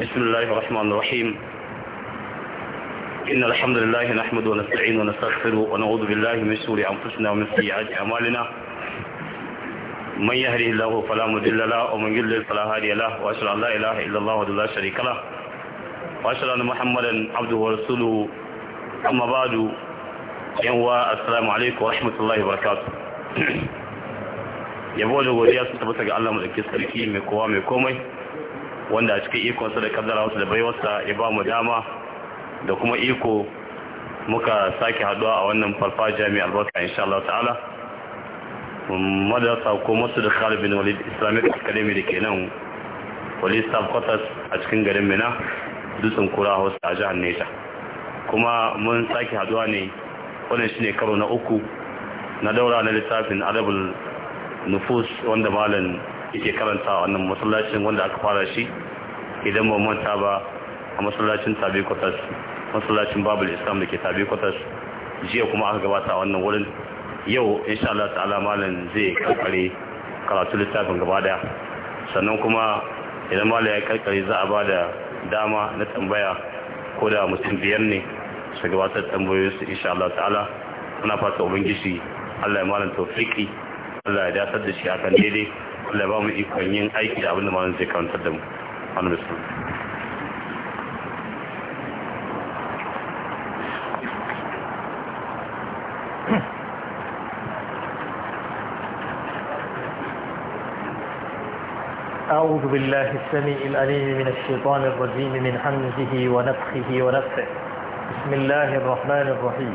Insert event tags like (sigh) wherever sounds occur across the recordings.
بسم الله الرحمن الرحيم إن الحمد لله نحمد ونستعين ونستغفر ونعوذ بالله من شرور أنفسنا ومن سيئات أعمالنا من يهده الله فلا مضل له ومن يضلل فلا هادي له وأشهد أن لا إله إلا الله وحده لا شريك له وأشهد أن محمدا عبده ورسوله أما بعد yanwa السلام عليكم ورحمة الله وبركاته barakatu yabo da godiya sun tabbata ga Allah كومي. wanda a cikin ikonsa da kaddarawarsa da baiwarsa ya ba mu dama da kuma iko muka sake haduwa a wannan farfajiya mai albarka insha Allah ta'ala madarasa ko masu da khalibin walid islamic academy da ke nan walid staff quarters a cikin garin mina dutsen kura hausa a jihar neja kuma mun sake haduwa ne wannan shine karo na uku na daura na littafin arabul nufus wanda malam yake karanta a wannan masallacin wanda aka fara shi idan ba manta ba a masallacin tabi kwatas masallacin babul islam da ke tabi kwatas jiya kuma aka gabata a wannan wurin yau insha Allah ta'ala malam zai karkare karatu littafin gaba daya sannan kuma idan malam ya karkare za a ba da dama na tambaya ko da mutum biyar ne su gabatar tambayoyinsu insha Allah ta'ala muna fata ubangiji Allah ya malam tawfiki Allah ya dasar da shi akan daidai Allah ba mu ikon yin aiki da abinda malam zai da mu wani musulun أعوذ بالله السميع العليم من الشيطان الرجيم من حمزه ونفخه ونفخه بسم الله الرحمن الرحيم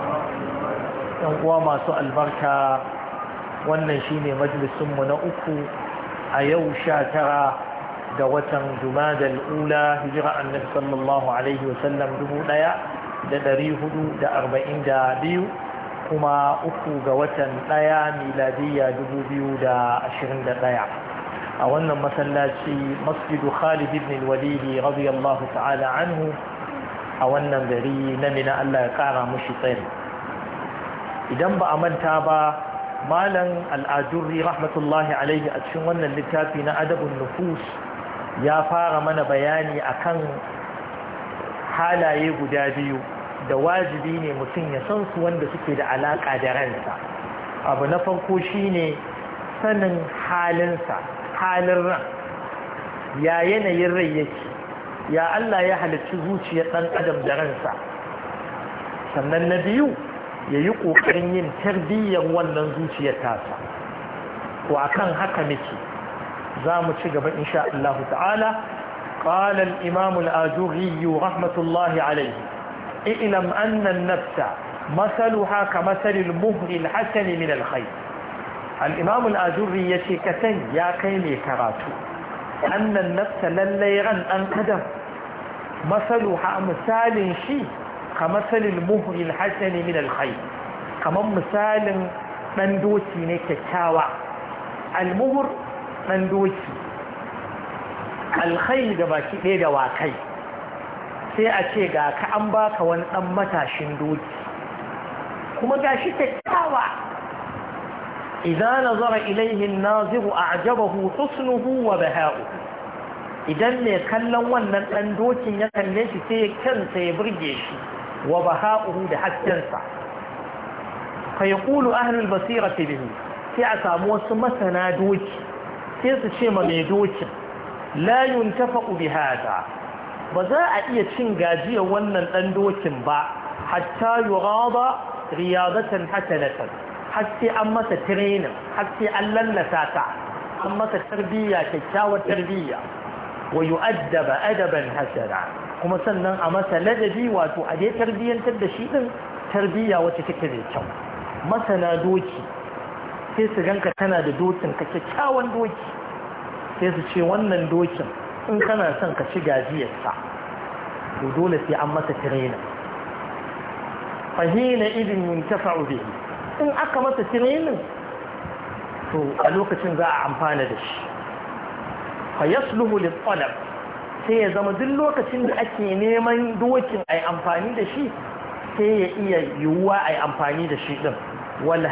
yan uwa masu albarka wannan shine majalisunmu na uku a yau sha tara da watan jumadal ula hijira annabi sallallahu alaihi wasallam dubu ɗaya da ɗari hudu da arba'in da biyu kuma uku ga watan ɗaya miladiyya dubu biyu da ashirin da ɗaya a wannan masallaci masjidu khalid ibn walidi radiyallahu ta'ala anhu a wannan gari na mina allah ya kara mushi tsari idan ba a manta ba malam al'adurri rahmatullahi alaihi a cikin wannan littafi na adabin nufus ya fara mana bayani akan halaye guda biyu da wajibi ne mutum ya san su wanda suke da alaƙa da ransa abu na farko shine sanin halinsa halin ran ya yanayin rai yake ya Allah ya halarci zuciyar ɗan adam da ransa sannan na biyu ya yi ƙoƙarin yin tarbiyyar wannan zuciyar tasa ko akan haka nake za mu ci gaba insha Allah ta'ala ƙalal imamul ajuhiyu rahmatullahi alaihi ilam annan nafsa ka masalil masalin muhrin hasali min alhai al’imamun ajurri ya ce kasan ya kai mai karatu annan nafsa lallai ran ɗan ƙadam masalu ha misalin shi kamasalin muhrin hasani min alkhair kamar misalin dan doki ne kyakkyawa almuhur dan doki alkhair da baki ɗaya da wakai sai a ce ga ka an baka wani dan matashin doki kuma gashi kyakkyawa idan nazara ilaihin naziru a'jabahu husnuhu wa Baha'u. idan mai kallon wannan ɗan dokin ya kalle shi sai kansa ya burge shi وبهاؤه بحسنسا فيقول أهل البصيرة به في أسامو سمسنا دوج سيسشيم ميدوج لا ينتفق بهذا بزاء إيه تشنجاجي ونن الأندوج با حتى يغاضى رياضة حسنة حتى أما تترين حتى ألن لساتا أما تتربية كتاوى التربية ويؤدب أدبا حسنا kuma sannan a masa ladabi wato a dai tarbiyyantar da shi din tarbiyya wacce take da kyau masana doki sai su ganka tana da dokin ka kyakkyawan doki sai su ce wannan dokin in kana son ka ci gajiyarsa to dole sai an masa tirena fahina idin ta fa'ube in aka masa tirenin to a lokacin za a amfana da shi fa yasluhu lit-talab sai ya zama duk lokacin da ake neman dokin a amfani da shi sai ya iya yiwuwa ai amfani da shi ɗin wal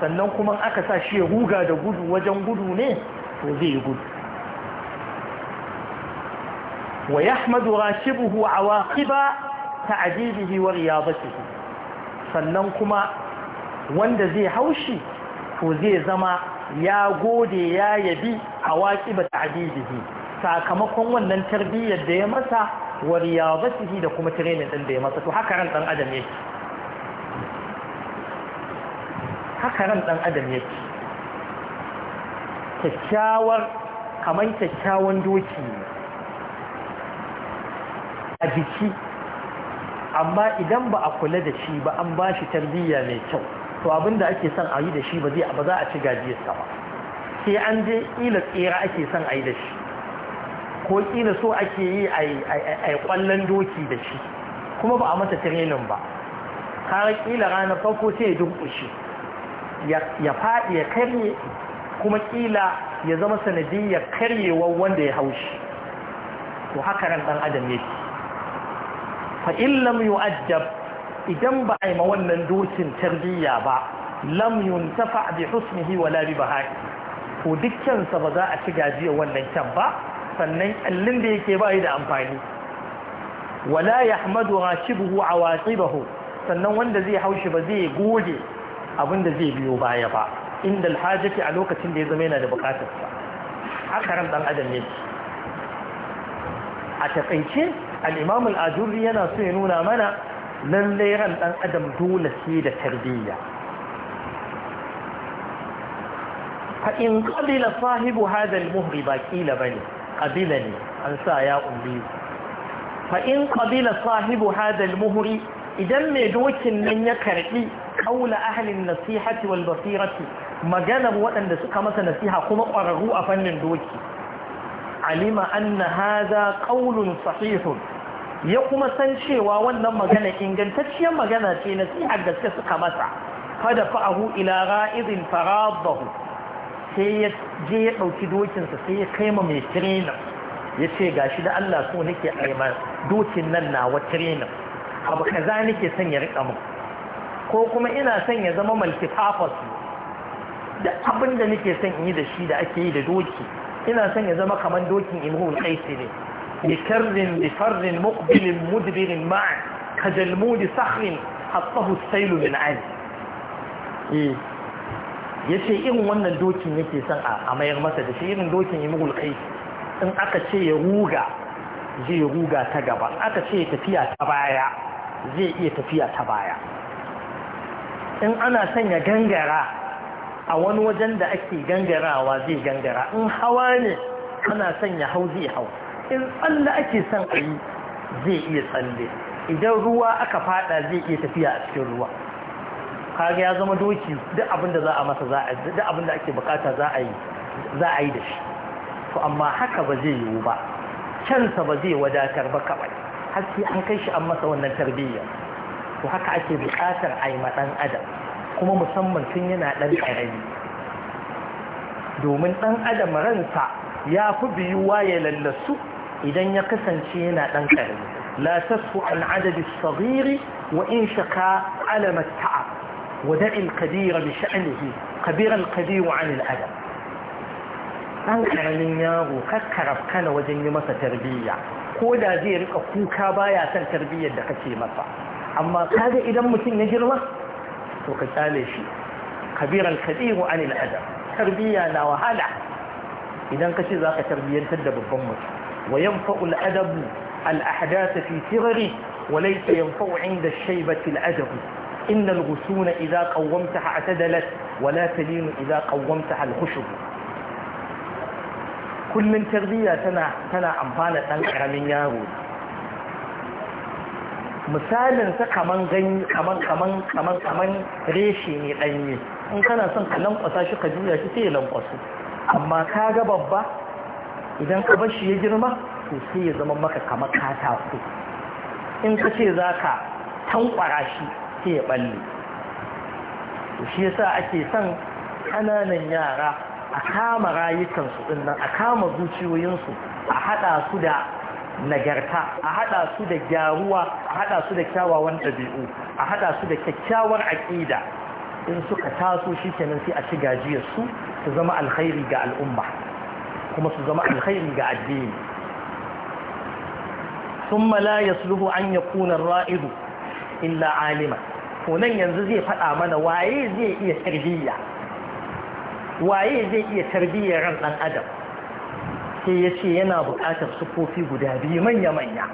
sannan kuma aka sa shi ya huga da gudu wajen gudu ne to zai yi gudu wa yahmadu rashibuhu awaqiba ta'jibihi wa riyadatihi sannan kuma wanda zai haushi to zai zama ya gode ya yabi ta ta'jibihi sakamakon wannan tarbiyyar da ya masa wa riyadatihi da kuma training din da ya masa to haka ran dan adam yake haka ran dan adam yake kyakkyawar kamar kyakkyawan doki a jiki amma idan ba a kula da shi ba an ba shi tarbiyya mai kyau to abin da ake son a yi da shi ba za a ci gajiyarsa ba sai an je ila tsira ake son a yi da shi ko ƙila so ake yi a ƙwallon doki da shi kuma ba a mata tirenin ba har ƙila ranar farko sai ya dunkushe ya faɗi ya karye kuma kila ya zama sanadiyar karyewar wanda ya haushi to haka ran ɗan adam fi. fa illam yu'addab idan ba a yi ma wannan dokin tarbiyya ba lam yuntafa bi husnihi wala bi bahai to dukkan sa ba za a ci gajiyar wannan kyan ba sannan ƙallin da yake ba da amfani wala ya hamadu rashibuhu a watsi bahu sannan wanda zai haushi ba zai goge abinda zai biyo baya ba inda alhajjaki a lokacin da ya zama yana da bukatarsa haka ran dan adam ne a taƙaice al'imam al'ajurri yana so ya nuna mana lallai ran dan adam dole sai da tarbiyya fa'in ƙabila sahibu hadal muhri ba ƙila bane. قبلني لي أنسى يا أمي فإن قبل صاحب هذا المهر إذا ما دوك من يكرئي قول أهل النصيحة والبصيرة مجانا وأن سكمة نصيحة كما قرروا أفن دوك علم أن هذا قول صحيح ya kuma san cewa wannan magana ingantacciyar magana ce na sihar suka masa fada fa'ahu ila sai ya je ya ɗauki dokinsa sai ya kai ma mai trainer ya ce ga shi da Allah so nake aima dokin nan wa trainer abu kaza nake son ya riƙa min ko kuma ina son ya zama multipurpose da abin da nake son in yi da shi da ake yi da doki ina son ya zama kamar dokin imrul qaisi ne bikarrin bifarrin muqbilin mudbirin ma'a kajalmudi sahrin tsahu sailu min ali eh. ya ce irin wannan dokin yake son a mayar masa da shi irin dokin imrul kai in aka ce ya ruga zai ruga ta gaba aka ce ya tafiya ta baya zai iya tafiya ta baya in ana son ya gangara a wani wajen da ake gangarawa zai gangara in hawa ne ana son ya hau zai hau in tsalle ake son a yi zai iya tsalle idan ruwa aka fada zai iya tafiya a cikin ruwa kaga ya zama doki duk abin da za a masa za a duk abin ake bukata za a yi za a yi da shi to amma haka ba zai yiwu ba kyansa ba zai wadatar ba kawai har sai an kai shi an masa wannan tarbiyya to haka ake bukatar a yi ɗan adam kuma musamman tun yana dan ƙarami domin dan adam ransa ya fi biyuwa ya lallasu idan ya kasance yana dan ƙarami la tasfu an adadi sariri wa in shaka alamar ta'ab ودع القدير بشأنه قدير القدير عن الأدب أنكرني ياهو ككرب كان وجني مسا تربية كودا زير أكوكا بايا سن تربية دكتي مسا أما هذا إذا متن نجرمة وكتالي شيء كبير الكثير عن الأدب تربية لا وهلا إذا كشي ذاك تربية تدب الضمت وينفع الأدب الأحداث في صغري وليس ينفع عند الشيبة الأدب إن الغصون إذا قومتها اعتدلت ولا تلين إذا قومتها الخشب kullum tarbiyya tana tana amfana ɗan ƙaramin yaro misalin sa kaman kaman kaman kaman kaman reshe ne ɗanye in kana son ka lankwasa shi ka juya shi sai ya lankwasu amma ka ga babba idan ka bar ya girma sosai ya zama maka kamar katako in ka ce za ka tankwara shi ake balle shi yasa ake son kananan yara a kama rayukansu din nan a kama zuciyoyinsu a haɗa su da nagarta a haɗa su da gyaruwa a haɗa su da kyawawan ɗabi'u a haɗa su da kyakkyawar aƙida in suka taso shi kenan sai a ci gajiyar su su zama alkhairi ga al'umma kuma su zama alkhairi ga addini ثم لا يسلب أن يكون الرائد إلا عالما to nan yanzu zai faɗa mana waye zai iya tarbiyya waye zai iya tarbiyyar ran ɗan adam sai ya ce yana buƙatar sufofi guda biyu manya-manya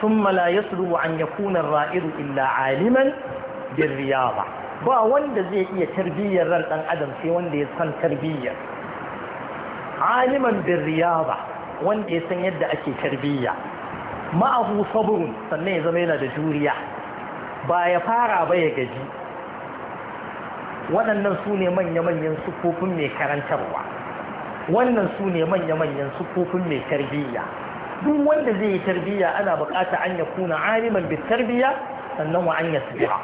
sun mala ya sulubu an ya kunan ra'iru illa aliman birriya ba ba wanda zai iya tarbiyyar ran ɗan adam sai wanda ya san tarbiyyar aliman birriya ba wanda ya san yadda ake tarbiyya ma'abu saburun sannan ya zama yana da juriya ba ya fara ba ya gaji waɗannan su ne manya-manyan sukufin mai karantarwa wannan su ne manya-manyan sukufin mai tarbiyya duk wanda zai yi tarbiyya ana buƙata an ya kuna aliman bi tarbiyya sannan wa an ya tsira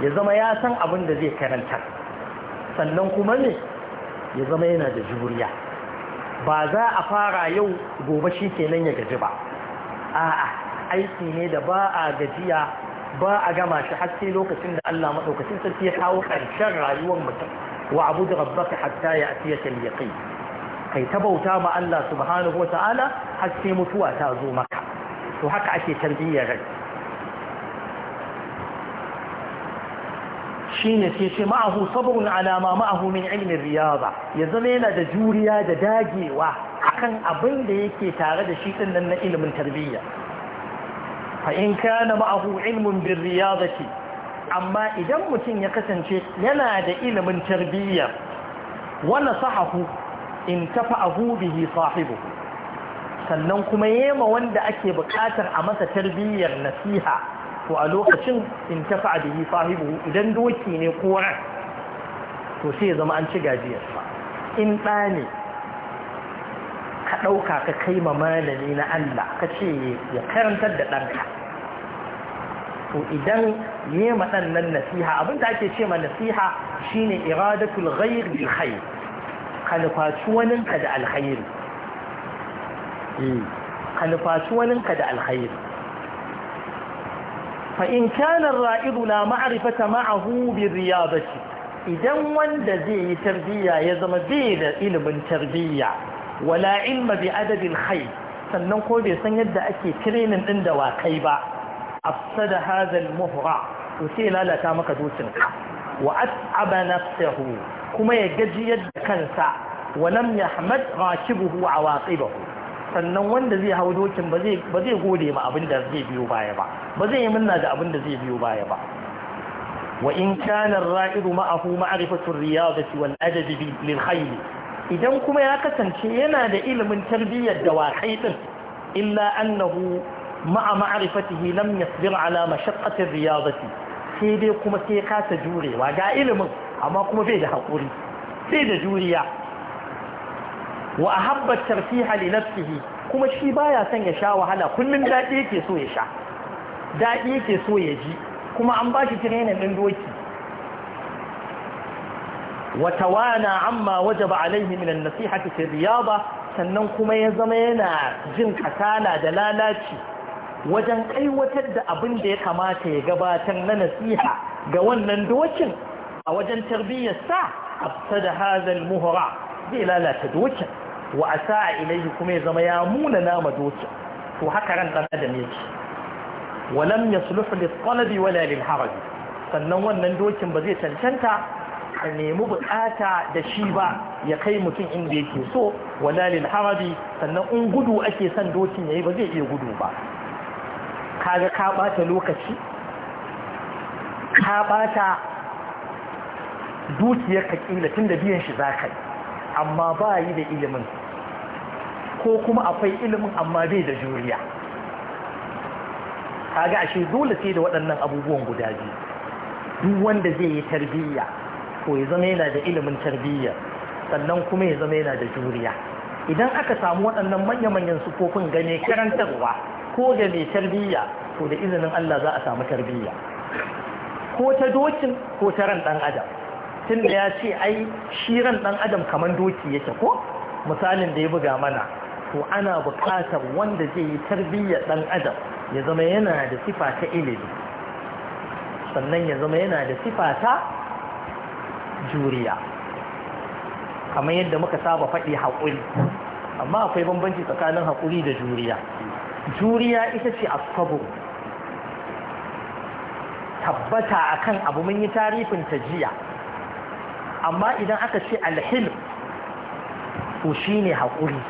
ya zama ya san abin da zai karanta sannan kuma ne ya zama yana da juriya ba za a fara yau gobe shi kenan ya gaji ba a'a aiki ne da ba a gajiya ba a gama shi haske lokacin da Allah maɗaukacin sarki ya kawo ƙarshen rayuwar mutum wa abu da rabbaka hatta ya atiya yaqin kai ta bauta ma Allah subhanahu wa ta'ala har mutuwa ta zo maka to haka ake tarbiyyar rai shine sai ce ma'ahu sabrun ala ma ma'ahu min ilmin riyada ya zama yana da juriya da dagewa akan abin da yake tare da shi din nan na ilimin tarbiyya fa'in kana ma'ahu ilmin birriya zaki amma idan mutum ya kasance yana da ilimin tarbiyyar wani sahahu in tafa ahu bihi sahibu sannan kuma yema wanda ake bukatar a masa tarbiyyar nasiha to a lokacin in tafa bihi sahibu idan doki ne ko to sai ya zama an ci gajiyarsa in ne ka ɗauka ka kai ma malami na Allah ka ce ya karantar da ɗanka to idan yi ma ɗannan nasiha abin da ake ce ma nasiha shine iradatul ghair bil khair ka nufaci waninka da alkhairi hmm. ka nufaci waninka da alkhairi fa in kana ra'idu la ma'rifata riya ba ce idan wanda zai yi tarbiyya ya zama bai da ilimin tarbiyya wala ilma bi adadin hay sannan ko bai san yadda ake training din wakai ba afsada hadha al-muhra to sai lalata maka dokin wa at'aba nafsahu kuma ya gajiyar da kansa wa lam yahmad rakibuhu awaqibahu sannan wanda zai hau dokin ba zai gode ma abin da zai biyo baya ba ba zai yi munna da abin da zai biyo baya ba wa in kana ar-ra'idu ma'ahu ma'rifatu ar-riyadati wal adabi lil khayl idan kuma ya kasance yana da ilimin tarbiyyar dawakai ɗin illa annahu ma'a ma'rifatihi lam yasbir ala mashaqqatir riyadati sai dai kuma sai kasa jurewa ga ilimin amma kuma bai da hakuri sai da juriya wa ahabba tarfiha li nafsihi kuma shi baya son ya sha wahala kullum daɗi yake so ya sha daɗi yake so ya ji kuma an ba shi training ɗin doki amma waje ba alaihi na nasiha ta في ba sannan kuma ya zama yana jin kasala da lalaci wajen aiwatar da abin da ya kamata ya gabatar na nasiha ga wannan dokin a wajen tarbiyyar sa tarbiyyarsa da hazal muhra zai lalata dokin wa asaa ilayhi kuma ya zama ya muna nama dokin to haka ran dan adam yake walam yasluhu lit talabi wala lil haraj sannan wannan dokin ba zai cancanta nemi bukata da shi ba ya kai mutum inda yake so wala lil sannan in gudu ake son dokin ya yi? ba zai iya gudu ba kaga ka bata lokaci ka bata dukiyar ka kila tunda biyan shi za ka yi. amma ba yi da ilimin ko kuma akwai ilimin amma bai da juriya kaga ashe dole sai da waɗannan abubuwan guda biyu duk wanda zai yi tarbiyya ko ya zama yana da ilimin tarbiyya sannan kuma ya zama yana da juriya idan aka samu waɗannan manya-manyan sufofin ga mai karantarwa ko ga mai tarbiyya to da izinin Allah za a samu tarbiyya ko ta dokin ko ta ran ɗan adam tun da ya ce ai shi ran ɗan adam kamar doki yake ko misalin da ya buga mana to ana buƙatar wanda zai yi tarbiyya ɗan adam ya zama yana da sifa ta ilimi sannan ya zama yana da sifa ta juriya kamar yadda muka saba faɗi haƙuri amma akwai bambanci tsakanin haƙuri da juriya juriya ita ce a sabu tabbata akan abu mun yi tarifin ta jiya amma idan aka ce alhil to shi ne haƙuri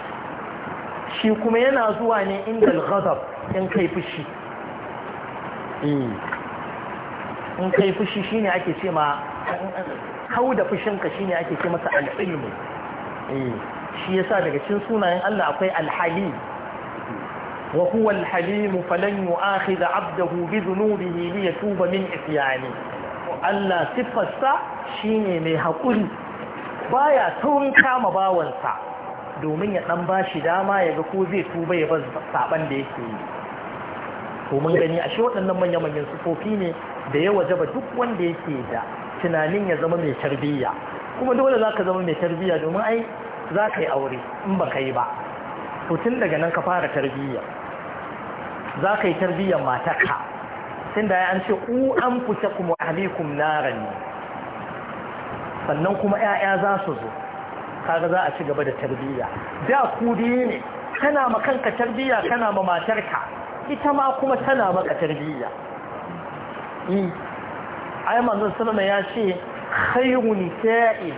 shi kuma yana zuwa ne inda al in kai fushi eh. in kai fushi shine ake ce ma kau da fushinka shine ake ce masa al'ilmu eh, shi yasa daga cikin sunayen Allah akwai alhali wa huwa alhalimu falan yu'akhidha 'abdahu bi dhunubihi li yatuba min isyani Allah sifarsa shine mai hakuri baya taurin kama bawansa domin ya dan bashi dama ya ga ko zai tuba ya bar saban da yake yi to mun gani ashe waɗannan manya-manyan sufofi ne da ya wajaba duk wanda yake da tunanin ya zama mai tarbiyya kuma dole za ka zama mai tarbiyya domin ai za ka yi aure in ba ka yi ba tun daga nan ka fara tarbiyya za ka yi tarbiyyar matarka tun da ya an ce ku an kusa kuma halikun naran ne sannan kuma 'ya'ya za su zo kaga za a ci gaba da tarbiyya da ku ne kana ma kanka tarbiyya kana ma matarka ita ma kuma tana maka tarbiyya hmm. ai manzon sallama ya ce khayrun nisa'i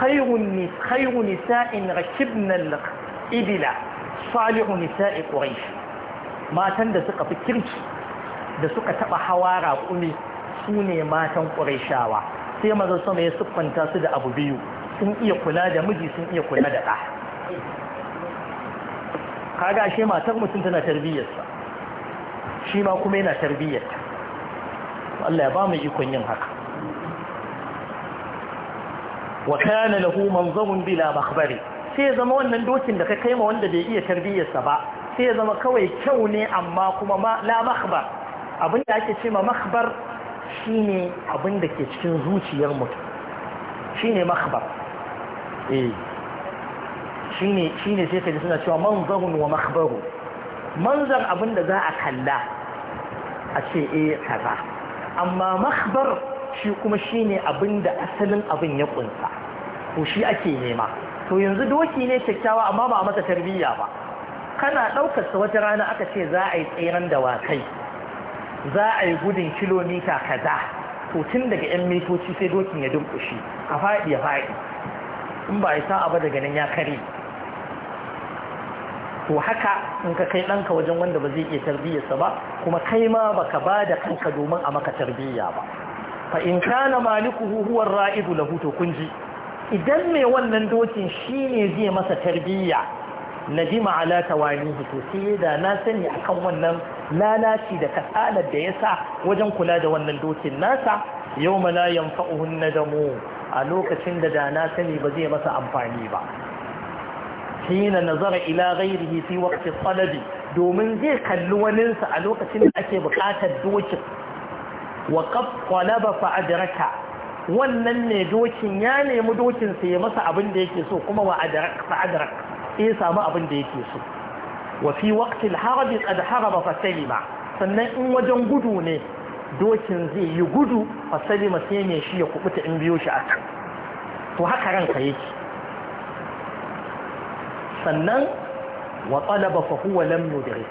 khairu ni khairu nisa'in rakibna salihu nisa'i quraish matan da suka fi kirki da suka taba hawa raƙumi sune matan shawa, sai manzon sama ya siffanta su da abu biyu sun iya kula da miji sun iya kula da ɗa kaga ashe matar mutum tana tarbiyyarsa shi ma kuma yana tarbiyyarta Allah ya ba mu ikon yin haka wa kana lahu manzamun bila makhbari sai zama wannan dokin da ka kai ma wanda bai iya tarbiyyarsa ba sai zama kawai kyau ne amma kuma ma la makhbar abin da ake ce ma makhbar shine abin da ke cikin zuciyar mutum shine makhbar eh shine shine sai kaji suna cewa manzarun wa makhbaru manzar abin da za a kalla a ce eh kaza amma makhbar shi kuma shine abin da asalin abin ya kunsa ko shi ake nema to yanzu doki ne kyakkyawa amma ba a masa tarbiyya ba kana ɗaukar sa wata rana aka ce za a yi tseren da dawakai za a yi gudun kilomita kaza to tun daga 'yan mitoci sai dokin ya dunkushi a faɗi ya faɗi in ba a yi sa'a ba daga nan ya kare to haka in ka kai ɗanka wajen wanda ba zai iya tarbiyyarsa ba kuma kai ma baka ba da kanka domin a maka tarbiyya ba fa in kana malikuhu huwar ra'idu lahu to kunji idan mai wannan dokin shi ne zai masa tarbiyya nadima ta tawanihi to sai da na sani akan wannan lalaci da kasalar da yasa wajen kula da wannan dokin nasa yau yawma la yanfa'uhu nadamu a lokacin da da na sani ba zai masa amfani ba hina nazara ila ghairihi fi waqti talabi domin zai kalli waninsa a lokacin da ake bukatar dokin wa qad talaba wannan ne dokin ya nemi dokin sa ya masa abin da yake so kuma wa adrak fa adrak samu abin da yake so wa fi waqti al-harab qad sannan in wajen gudu ne dokin zai yi gudu fa salima sai ne shi ya kubuta in biyo shi akan to haka ranka yake sannan wa talaba fa huwa lam yudrik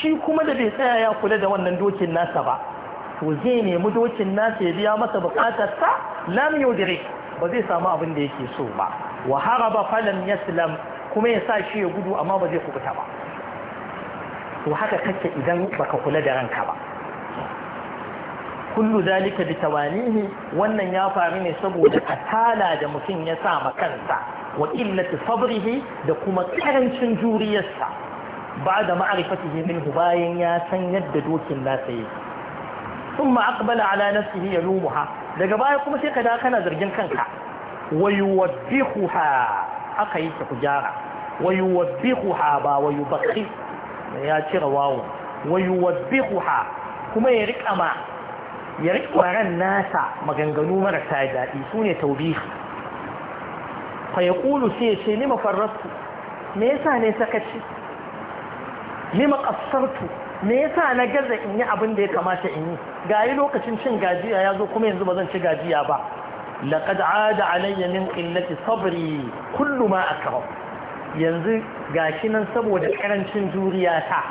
shi kuma da bai tsaya ya kula da wannan dokin nasa ba to zai nemi dokin nasa ya biya masa bukatar sa lam yudrik ba zai samu abin da yake so ba wa haraba falam yaslam kuma ya sa shi ya gudu amma ba zai kubuta ba to haka kake idan baka kula da ranka ba kullu zalika bitawanihi wannan ya faru ne saboda katala da mutum ya sa ma kansa wa illati sabrihi da kuma karancin juriyarsa ba da ma'arifatihi minhu bayan ya san yadda dokin nasa yake ثم أقبل على نفسه يلومها لقبائي قم سيقى دا كان زرجن كنكا ويوبخها أقيت حجارة ويوبخها با ويبخي يا ترى واو ويوبخها كما يرك أما يرك ورا الناس مغنغنو مرسا دادي سوني توبيخ fa sai ya ce ni farrastu me yasa ne sakaci ni ƙasartu me yasa na gaza in yi abin da ya kamata in yi ga yi lokacin cin gajiya ya zo kuma yanzu ba zan ci gajiya ba laƙad ada alayya min ƙillati sabri kullu ma akram yanzu gashi nan saboda ƙarancin juriya ta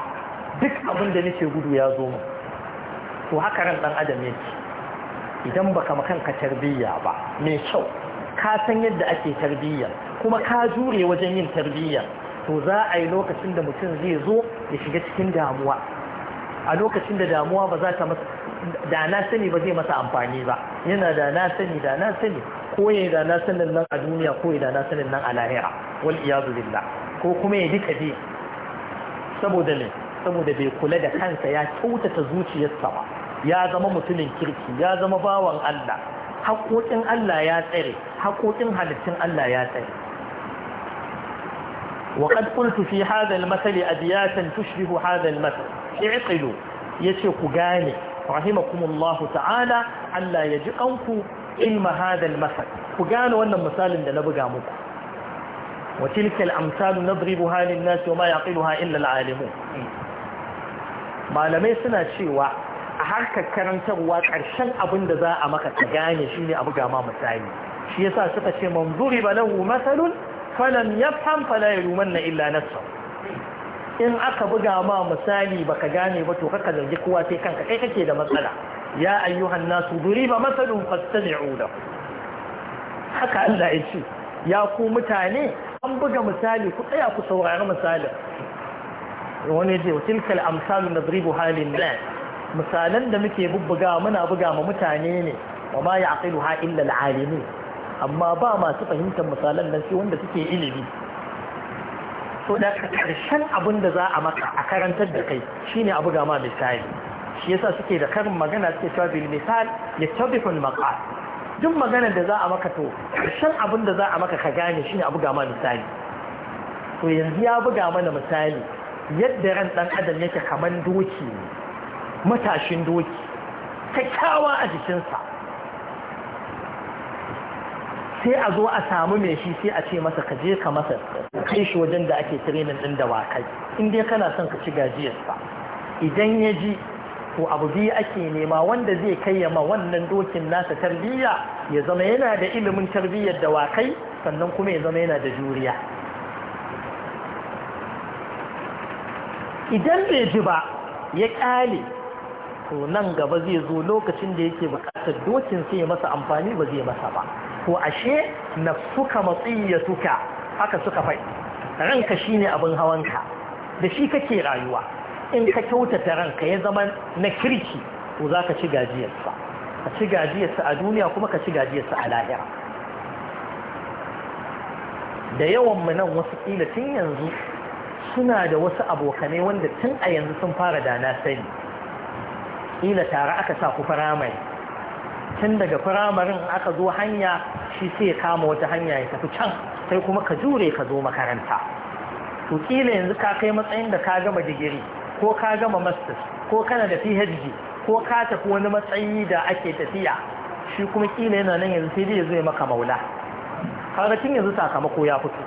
duk abin da nake gudu ya zo mu to haka ran ɗan adam yake idan baka makanka tarbiyya ba mai kyau ka san yadda ake tarbiyya kuma ka jure wajen yin tarbiyya to za a yi lokacin da mutum zai zo ya shiga cikin damuwa a lokacin da damuwa ba za ta masa da na sani ba zai masa amfani ba yana da na sani da na sani ko ya da na sanin nan a duniya ko ya da na sanin nan a lahira wal iyazu billah ko kuma ya duka bi saboda ne saboda bai kula da kansa ya kyautata zuciyarsa ba ya zama mutumin kirki ya zama bawan Allah haƙoƙin Allah ya tsere haƙoƙin halittun Allah ya tsere waƙad ƙultu fi haɗal matsali a biyatan tushihu haɗal matsali ƙi tsilo ya ku gane rahimakumullahu ta'ala Allah ya ji ƙanku ilma haɗal matsali ku gane wannan misalin da na buga muku wacilkel amsalu na biribu halin nasi ya ƙilu ha'in lal'alimu malamai suna cewa a harkar karantarwa ƙarshen abin da za a maka ka gane shi ne abu gama misali shi yasa suka ce manzuri ba lahu ya falam yafham fala na illa nafsa in aka buga ma misali baka gane ba to kaka zargi kowa sai kanka kai kake da matsala ya ayyuhan nasu ba masalun fastami'u lahu haka Allah ya ce ya ku mutane an buga misali ku tsaya ku saurari misalin wani ce tilkal amsalu nadribu halin nas misalan da muke bubbuga muna buga ma mutane ne wa ma ha illa al-alimin amma ba masu fahimtar misalan nan sai wanda suke ilimi so da karshen abin da za a maka a karantar da kai shine a buga ma misali shi yasa suke da karin magana suke cewa bil misal yattabihu al-maqal duk magana da za a maka to karshen abin da za a maka ka gane shine a buga ma misali to yanzu ya buga mana misali yadda ran dan adam yake kaman doki ne matashin doki kyakkyawa a jikinsa sai a zo a samu mai shi sai a ce masa ka je ka masa kai shi wajen da ake tirenin ɗin da wakai in dai kana son ka ci gajiyarsa idan ya ji ko abu biyu ake nema wanda zai kayyama wannan dokin nasa tarbiyya ya zama yana da ilimin tarbiyyar da wakai sannan kuma ya zama yana da juriya idan bai ji ba ya ƙyale to nan gaba zai zo lokacin da yake bukatar dokin sai ya masa amfani ba zai masa ba ko ashe na suka ya suka haka suka faɗi ranka shine abin hawanka da shi kake rayuwa in ka kyautata ranka ya zama na kirki to ka ci gajiyarsa ka ci gajiyarsa a duniya kuma ka ci gajiyarsa a lahira da yawan mu nan wasu kila tun yanzu suna da wasu abokanai wanda tun a yanzu sun fara dana sani kila tare aka sa ku firamare tun daga firamarin aka zo hanya shi sai ya kama wata hanya ya tafi can sai kuma ka jure ka zo makaranta to kila yanzu ka kai matsayin da ka gama digiri ko ka gama masters ko kana da phd ko ka tafi wani matsayi da ake tafiya shi kuma kila yana nan yanzu sai dai ya zo ya maka maula kaga tun yanzu sakamako ya fito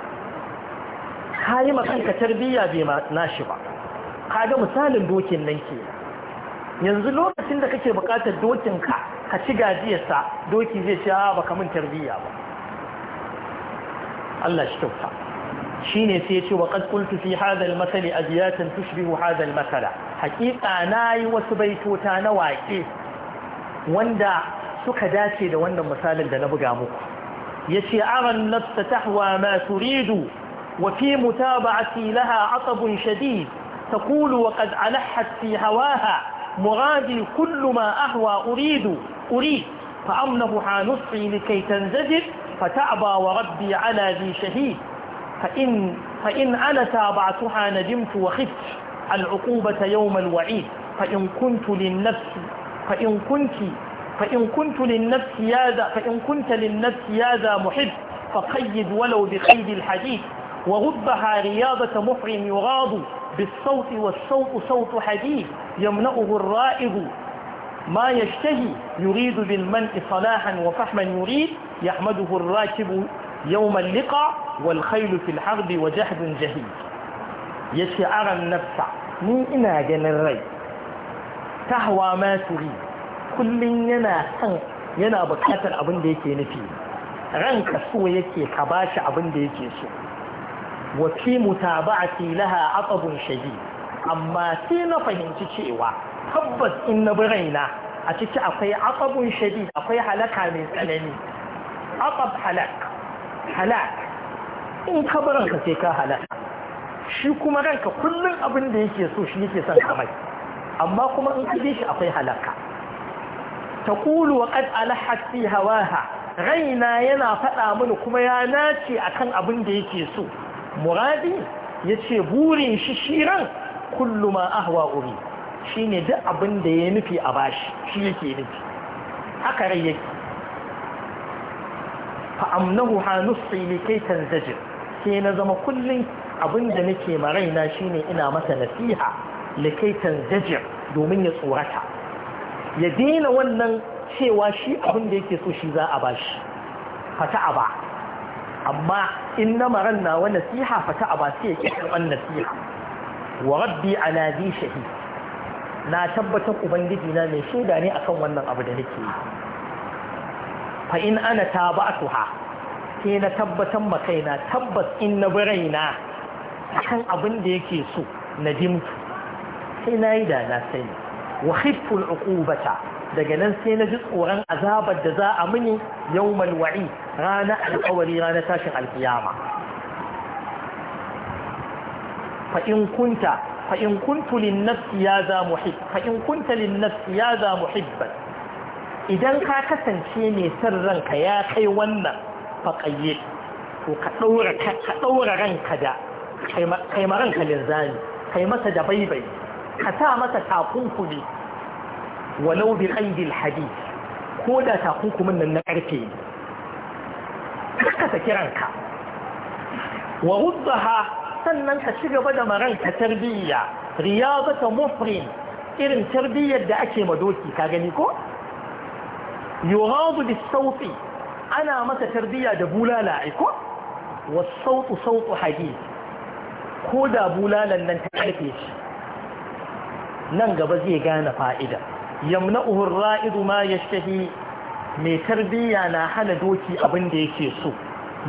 ka yi makanka tarbiyya bai ma nashi ba ga misalin dokin nan kenan yanzu lokacin da kake bukatar dokinka ka ci gajiyarsa doki zai ce ah, ba ka tarbiyya ba Allah shi kyauta shi ne sai ce wa qad fi hadha al-masal abiyatan tushbihu hadha al-masal haqiqa nayi wasu baitota na waƙe wanda suka dace da wannan misalin da na buga muku yace aran nafsa tahwa ma turidu wa fi mutaba'ati laha atabun shadid تقول وقد ألحت في هواها مرادي كل ما أهوى أريد أريد فأمنحها نصحي لكي تنزجر فتعبى وربي على ذي شهيد فإن, فإن أنا تابعتها ندمت وخفت العقوبة يوم الوعيد فإن كنت للنفس فإن كنت فإن كنت للنفس يا ذا فإن كنت للنفس يا ذا محب فقيد ولو بقيد الحديث وربها رياضة محرم يغاض بالصوت والصوت صوت حديد يمنعه الرائد ما يشتهي يريد بالمنء صلاحا وفحما يريد يحمده الراكب يوم اللقاء والخيل في الحرب وجهد جهيد يشعر النفس من إنا جنري تهوى ما تريد كل ينا حن ينا بكاتر أبن ديكي نفي رنك so يكي ka bashi abin da wafi mutaba'ati laha aqabun shadi amma sai na fahimci cewa tabbas in na raina a ciki akwai aqabun shadi akwai halaka mai tsanani aqab halak halak in ka bar ka ka halaka shi kuma ranka kullum abin da yake so shi son kamar amma kuma in shi akwai تقول وقد ألحت في هواها raina yana faɗa mini kuma ya nace akan abin da yake so muradi ya ce burin shi shiran kullu ma ahwa uri shi ne duk abin da ya nufi a bashi shi yake nufi haka rai yake fa'amnahu hannusi ne kai tanzajin sai na zama kullum abin da nake maraina shi ne ina masa nasiha likai tanzajir domin ya tsorata ya dina wannan cewa shi abin da yake so shi za a bashi fata a ba amma in na maran nawa nasiha fata a ba sai ya karɓar nasiha wa rabbi ala zi shahi na tabbatar ubangiji na mai shaida ne akan wannan abu da nake yi fa in ana taba'atuha sai na tabbatar ma kaina tabbas in na bi raina akan abin da yake so na dimtu sai na yi da na sani wa khiffu al'uqubata daga nan sai na ji tsoron azabar da za a mini yawmal wa'i rana alƙawari rana tashin alkiyama fa in kunta fa in kuntu ya za muhib fa in kunta ya za muhibban idan ka kasance ne san ranka ya kai wannan fa ko ka ɗaura ranka da kai ma ranka linzami kai masa da baibai ka sa masa takunkuli walau bi qaidil hadith ko da takunkumin nan na karfe ne ka saki wa ruddaha sannan ka ci gaba da maranka tarbiyya riyadata mufrin irin tarbiyyar da ake ma ka gani ko yuradu bisauti ana masa tarbiyya da bulala aiko wasautu sautu hadith ko da bulalan nan ta karfe shi nan gaba zai gane fa'ida yamna'uhu raidu ma yashtahi mai tarbiyya na hana doki abin da yake so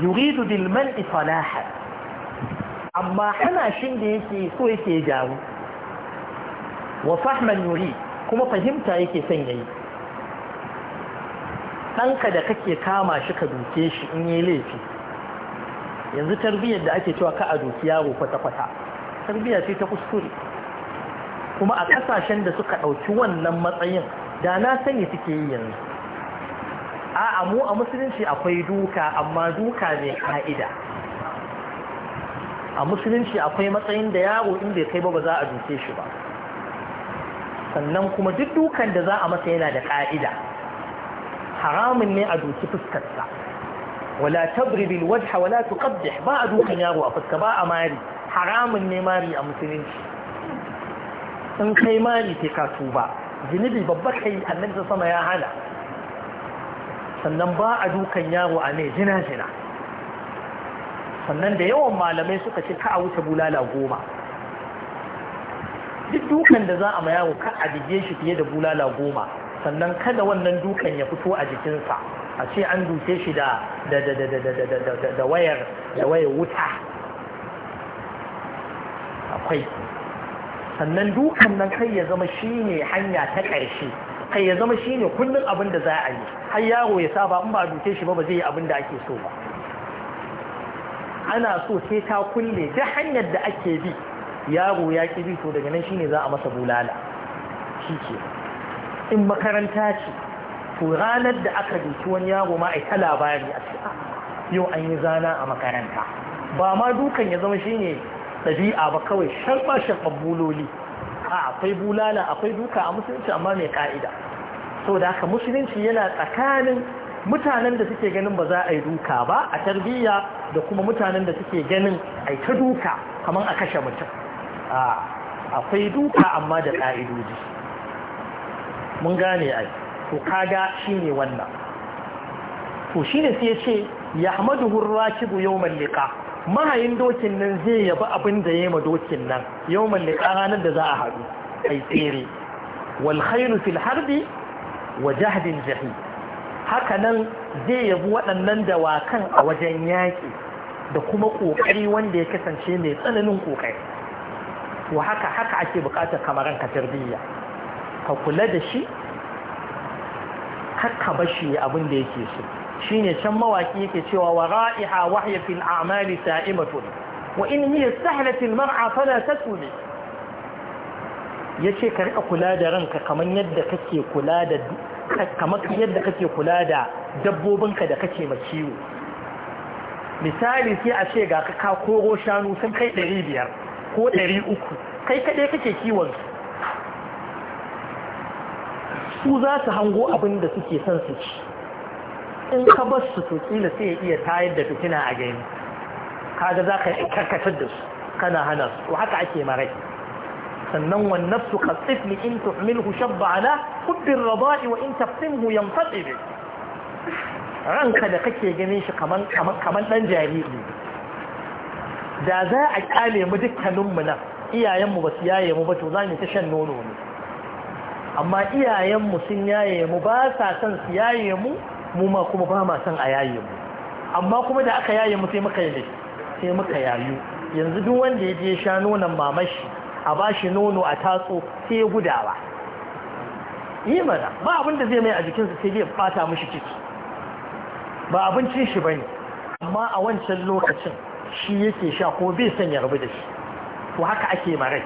yuridu bil man'i amma hana shin da yake so yake jawo wa fahman yuri kuma fahimta yake son yayi ɗanka da kake kama shi ka duke shi in yi laifi yanzu tarbiyyar da ake cewa ka a duki yaro kwata-kwata tarbiyya ce ta kuskure kuma a kasashen da suka ɗauki wannan matsayin da na sanya suke yi yanzu a mu a musulunci akwai duka amma duka mai ka'ida a musulunci akwai matsayin da yaro inda bai kai ba za a duke shi ba sannan kuma duk dukan da za a masa yana da ka'ida haramun ne a duki fuskarsa wala tabribil wajha wala tuqaddih ba a dukan yaro a fuska ba a mari haramun ne mari a musulunci in kai mani ke ka tuba zunubi babba kai annabi ta sama ya hana sannan ba a dukan yaro a ne jina jina sannan da yawan malamai suka ce ka a wuce bulala goma duk dukan da za a ma yaro ka a bige shi fiye da bulala goma sannan kada wannan dukan ya fito a jikinsa a ce an duke shi da wayar wuta akwai sannan dukan nan kai ya zama shine hanya ta ƙarshe kai ya zama shine kullum abin da za a yi har yaro ya saba in ba a duke shi ba ba zai yi abin da ake so ba ana so sai ta kulle ta hanyar da ake bi yaro ya ƙi bi to daga nan shi ne za a masa bulala shi ke in makaranta ce to ranar da aka duki wani yaro ma a ta labari a ah, yau an yi zana a makaranta ba ma dukan ya zama shine ɗabi'a ba kawai sharɓa sharɓar buloli a akwai bulala akwai duka a musulunci amma mai ka'ida so da haka musulunci yana tsakanin mutanen da suke ganin ba za a yi duka ba a tarbiyya da kuma mutanen da suke ganin a ta duka kamar a kashe mutum akwai duka amma da ka'idoji mun gane ai to kaga shine wannan to shine sai ya ce ya hamadu hurra kibu yau mallika mahayin dokin nan zai yaba abin da ya yi ma dokin nan yau mallaka ranar da za a haɗu ai tsere wal khairu fil harbi wa jahdin jahi haka nan zai yabi waɗannan dawakan a wajen yaƙi da kuma ƙoƙari wanda ya kasance mai tsananin ƙoƙari to haka haka ake buƙatar kamaran ka tarbiyya ka kula da shi Ka bashi abin da yake so Shi ne can mawaki yake cewa wa ra'iha wahya fil a'mali sa'imatun wa in hiya sahlat al mar'a fala tasuli yace ka rika kula da ranka kaman yadda kake kula da kamar yadda kake kula da dabbobinka da kake ciwo. misali sai a ce ga ka koro shanu sun kai 500 ko 300 kai kaɗai kake kiwon su za su hango abin da suke son su ci in ka bar su to kila sai iya tayar da fitina a gani kaga za ka karkatar da su kana hana su haka ake marai sannan wannan nafsu ka tsifli in tuhmilhu shabba ala hubbin raba'i wa in tafsimhu yamfatsi bi ranka da kake ganin shi kaman ɗan jariri da za a kyale mu dukkaninmu nan iyayenmu ba su yaye mu ba to za mu ta shan nono ne amma iyayenmu sun yaye mu ba sa san su yaye mu mu ma kuma ba ma son a yaye mu amma kuma da aka yaye mu sai muka yi sai muka yayu yanzu duk wanda ya je sha nonon mamashi a bashi nono a tatso sai gudawa yi mana ba abin da zai mai a jikinsa sai zai bata mishi ciki ba abincin shi bane amma a wancan lokacin shi yake sha ko bai son ya rabu da shi to haka ake marai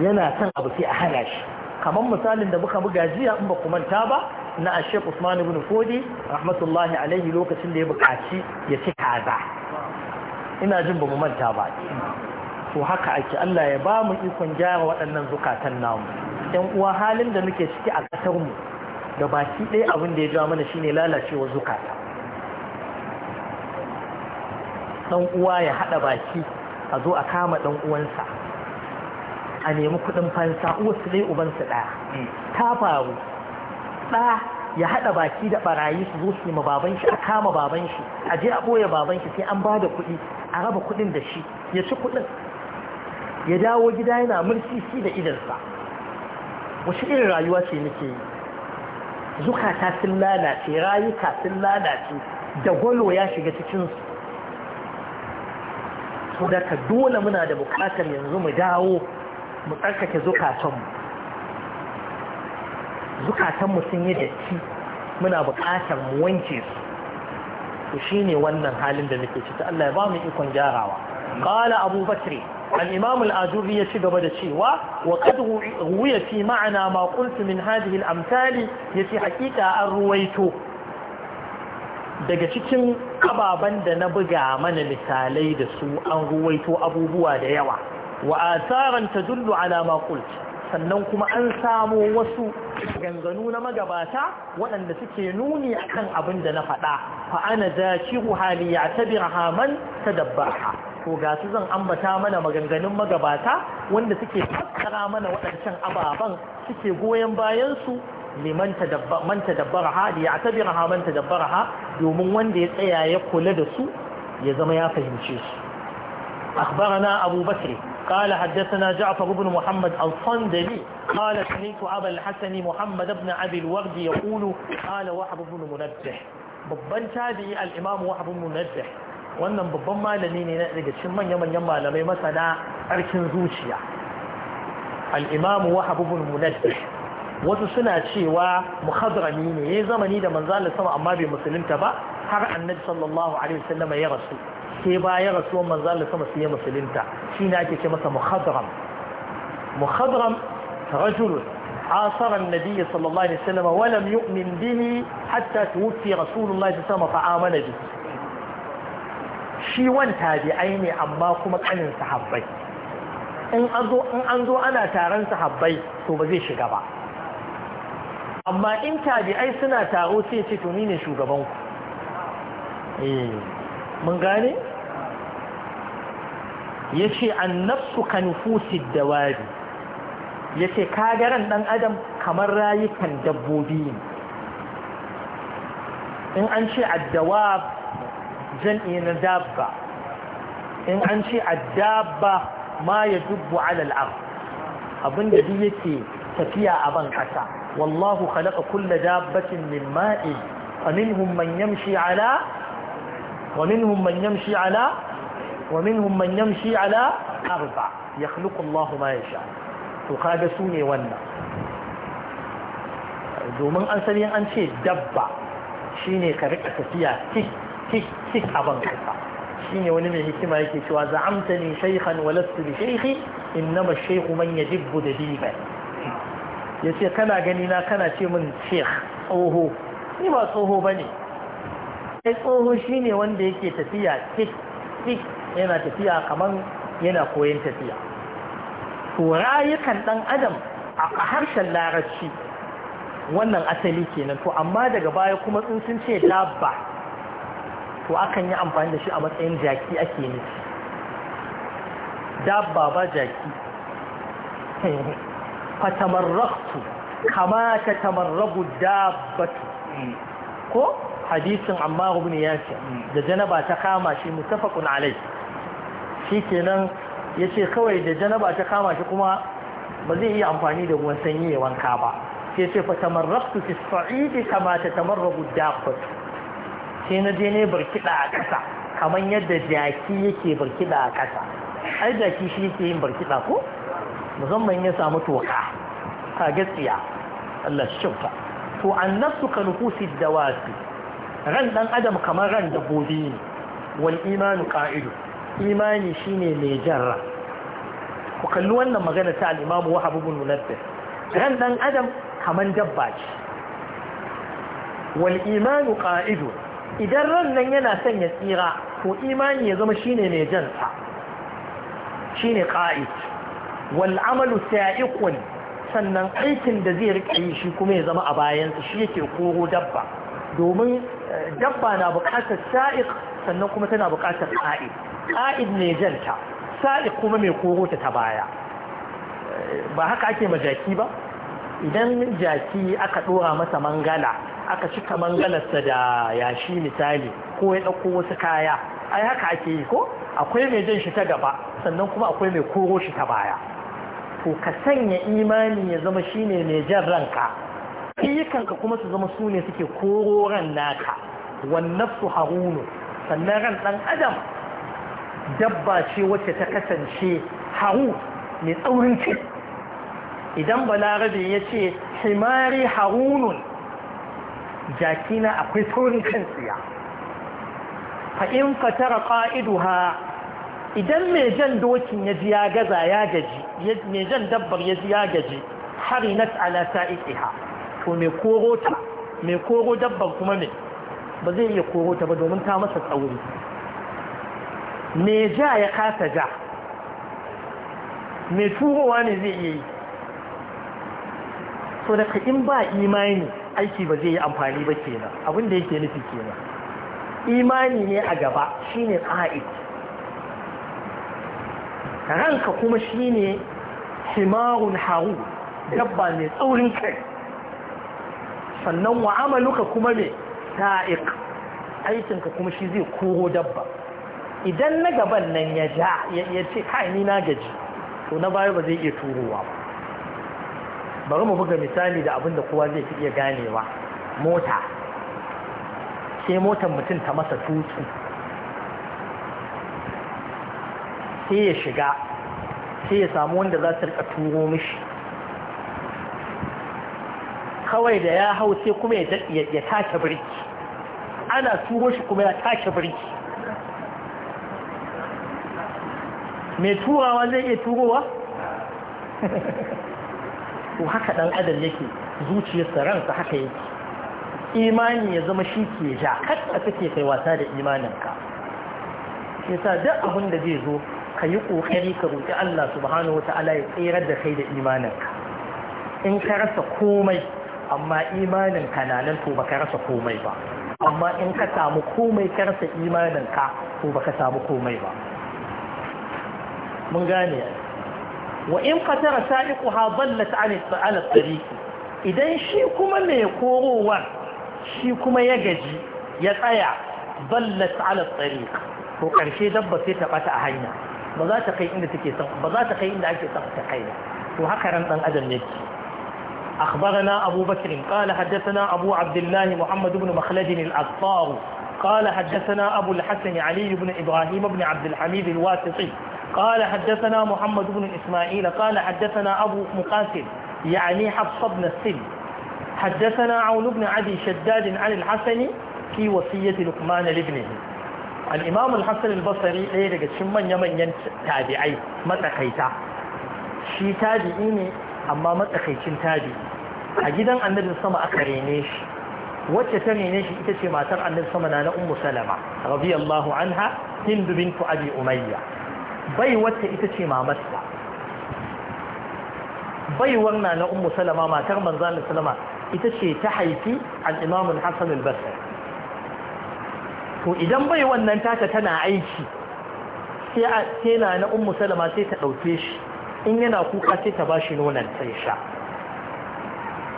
yana son abu sai a hana shi kamar misalin da muka buga jiya in ba ku manta ba na ashek usman ibn fodi rahmatullahi alaihi lokacin da ya buƙaci ya ci kaza ina jin ba mu manta ba to haka ake Allah ya ba mu ikon gyara waɗannan zukatan namu yan uwa halin da muke ciki a ƙasar mu da baki ɗaya abin da ya ja mana shine lalacewar zukata Ɗan uwa ya haɗa baki a zo a kama ɗan uwansa a nemi kuɗin fansa uwarsu ɗaya ubansa ɗaya ta faru ɗa ya haɗa baki da ɓarayi su zo su ma baban shi a kama baban shi a je a ɓoye baban shi sai an bada da kuɗi a raba kuɗin da shi ya ci kuɗin ya dawo gida yana mulki shi da sa. wasu irin rayuwa ce nake yi ta sun lalace rayuka sun lalace da gwalo ya shiga cikin su to ka dole muna da bukatar yanzu mu dawo mu tsarkake zukatanmu zukatan sun yi datti muna buƙatar mu wanke su to shine wannan halin da nake ciki Allah ya ba mu ikon gyarawa qala abu bakri الإمام الآجوري يشيغ بدا شيوا وقد روي ma'ana معنى min قلت من ya الأمثال يتي an ruwaito. daga cikin kababan da na buga mana misalai da su an ruwaito abubuwa da yawa wa asaran tadullu ala ma qultu sannan kuma an samo wasu ganganu na magabata waɗanda suke nuni kan abin da na faɗa fa ana zakiru hali ya tabiraha man to ga su zan ambata mana maganganun magabata wanda suke fassara mana waɗancan ababen suke goyon bayansu. bayan manta liman da ya rahaman ta man ha. domin wanda ya tsaya ya kula da su ya zama ya fahimce su أخبرنا abu بكر قال حدثنا جعفر بن محمد الصندلي قال سمعت أبا الحسن محمد بن أبي الورد يقول قال وحب بن منبه babban tabi'i al'imamu wahabin munajjah wannan babban malami ne na daga cikin manya-manyan malamai masana ƙarfin zuciya al'imamu wahabin munajjah wasu suna cewa muhadrami ne ya zamani da manzalin sama amma bai musulunta ba har annabi sallallahu alaihi wasallam ya rasu sai bayan rasuwan manzo da sama sai musulunta shi shine ake ce masa muhadram muhadram rajul عاصر النبي sallallahu alaihi عليه وسلم ولم يؤمن hatta حتى توفي رسول الله صلى الله عليه وسلم فآمن به shi wan tabi'ai ne amma kuma kanin sahabbai in an zo ana taron sahabbai to ba zai shiga ba amma in tabi'ai suna taro sai ce to ni ne shugabanku eh, mun gane ya ce an nafsu ka da dawari ya ce kagaran ɗan adam kamar rayukan dabbobi ne in an ce addawab jan'i na dabba in an ce addabba ma ya dubbu alal abinda duk yake tafiya a ban kasa wallahu khalaqa kulla dabbatin min ma'in فمنهم من يمشي على ومنهم من يمشي على ومنهم من يمشي على أربع يخلق الله ما يشاء وقال سوني ونا domin an sani an ce dabba shine ka rika tafiya tik tik tik a ban kasa shine wani mai hikima yake cewa za'amta ni shaykhan wa lastu bi shaykhi innama shaykhu man yadibbu dadiba yace kana gani na kana ce min sheikh tsoho ni ba tsoho bane sai tsoho shine wanda yake tafiya tik tik yana tafiya kamar yana koyon tafiya to rayukan dan adam a harshen larabci wannan asali kenan to amma daga baya kuma sun sun ce dabba to akan yi amfani da shi a matsayin jaki ake nufi dabba ba jaki (laughs) fatamarraktu kama ta tamarrabu dabbatu mm. ko hadisin amma rubin ya ce mm. da janaba ta kama shi mutafakun alai shi kenan ya ce kawai da janaba ta kama shi kuma ba zai iya amfani da ruwan sanyi ya wanka ba sai ce fa tamarrabtu fi sa'idi kama ta tamarrabu daqat sai na je ne barkida a ƙasa kamar yadda jaki yake barkida a ƙasa ai jaki shi yake yin barkida ko musamman ya samu toka ka gaskiya Allah shi kyauta to annafsu ka nufusi wasu ran dan adam kamar ran dabbobi ne wal imanu ka'idu. imani shine mai jarra ku kalli wannan magana ta al'imamu wahab ibn munabbih ran dan adam kaman dabba ce wal imanu qa'idu idan ran nan yana son ya tsira to imani ya zama shine mai jansa shine qa'id wal amalu sa'iqun sannan aikin da zai rike yi shi kuma ya zama a bayansa shi yake koro dabba domin dabba na buƙatar sa'iq sannan kuma tana bukatar ƙa'id ƙa'id ne janta sa'iq kuma mai koro ta baya ba haka ake ma jaki ba idan jaki aka ɗora masa mangala aka cika mangalarsa da yashi misali ko ya ɗauko wasu kaya ai haka ake yi ko akwai mai jan shi ta gaba sannan kuma akwai mai koro shi ta baya to ka sanya imani ya zama shine mai jan ranka ka kuma su zama su ne suke koro ran naka su harunu sannan ran ɗan adam dabba ce wacce ta kasance haru mai tsaurin ce idan balarabe ya ce himari harunun jakina akwai tsaurin kan tsiya fa'in fatara ƙa'idu ha idan mai jan dokin ya ji ya gaza ya gaji mai jan dabbar ya ji ya gaji harinat ala sa'iqiha to mai koro ta mai koro dabban kuma ne ba zai iya koro ta ba domin ta masa tsauri Me ja ya kasa ja mai turowa ne zai iya yi so da in ba imani aiki ba zai yi amfani ba kenan abin da yake nufi kenan imani ne a gaba shine qa'id ranka kuma shi ne himarun haru dabba mai tsaurin kai sannan wa amaluka kuma me sa'iq aikinka kuma shi zai koro dabba idan na gaban nan ya ja ya ce kai ni na gaji to na baya ba zai iya turowa ba bari mu buga misali da abin da kowa zai fi iya ganewa mota sai motar mutum ta masa tutu sai ya shiga sai ya samu wanda za su rika turo mishi kawai da ya hau sai kuma ya tashi birki ana turo shi kuma ya tashi birki mai turawa zai iya turowa? ko (laughs) haka ɗan adam yake zuciyarsa ransa haka yake imani ya zama shi ke ja katta suke kai wasa da imaninka shi sa duk abin da zai zo ka yi ƙoƙari ka roƙi Allah subhanahu wa ta'ala ya tsirar da kai da imaninka in ka rasa komai amma imanin ka na nan to baka rasa komai ba amma in ka samu komai ka rasa imanin ka to baka samu komai ba mun gane wa in qatara sa'iquha dallat an al tariq idan shi kuma me korowar shi kuma ya gaji ya tsaya dallat ala tariq Ko karshe dabba sai ta bata a hanya ba za ta kai inda take son ba za ta kai inda ake son ta kai to haka ran dan adam yake أخبرنا أبو بكر قال حدثنا أبو عبد الله محمد بن مخلد الأطار قال حدثنا أبو الحسن علي بن إبراهيم بن عبد الحميد الواسطي قال حدثنا محمد بن إسماعيل قال حدثنا أبو مقاتل يعني حفص بن السن حدثنا عون بن عدي شداد عن الحسن في وصية لقمان لابنه الإمام الحسن البصري ايه لقد شمن يمن ينتابعي متى كيتا شي تابعيني amma matsakaicin tabi a gidan annabin sama aka rene shi wacce ta rene shi ita ce matar annabin sama na na ummu salama radiyallahu anha hindu bintu abi umayya bai wacce ita ce mamarsa bai wannan na ummu salama matar manzan salama ita ce ta haifi al-imam al-hasan al-basri to idan bai wannan tata tana aiki sai na na ummu salama sai ta dauke shi in yana kuka sai ta bashi nonon sai sha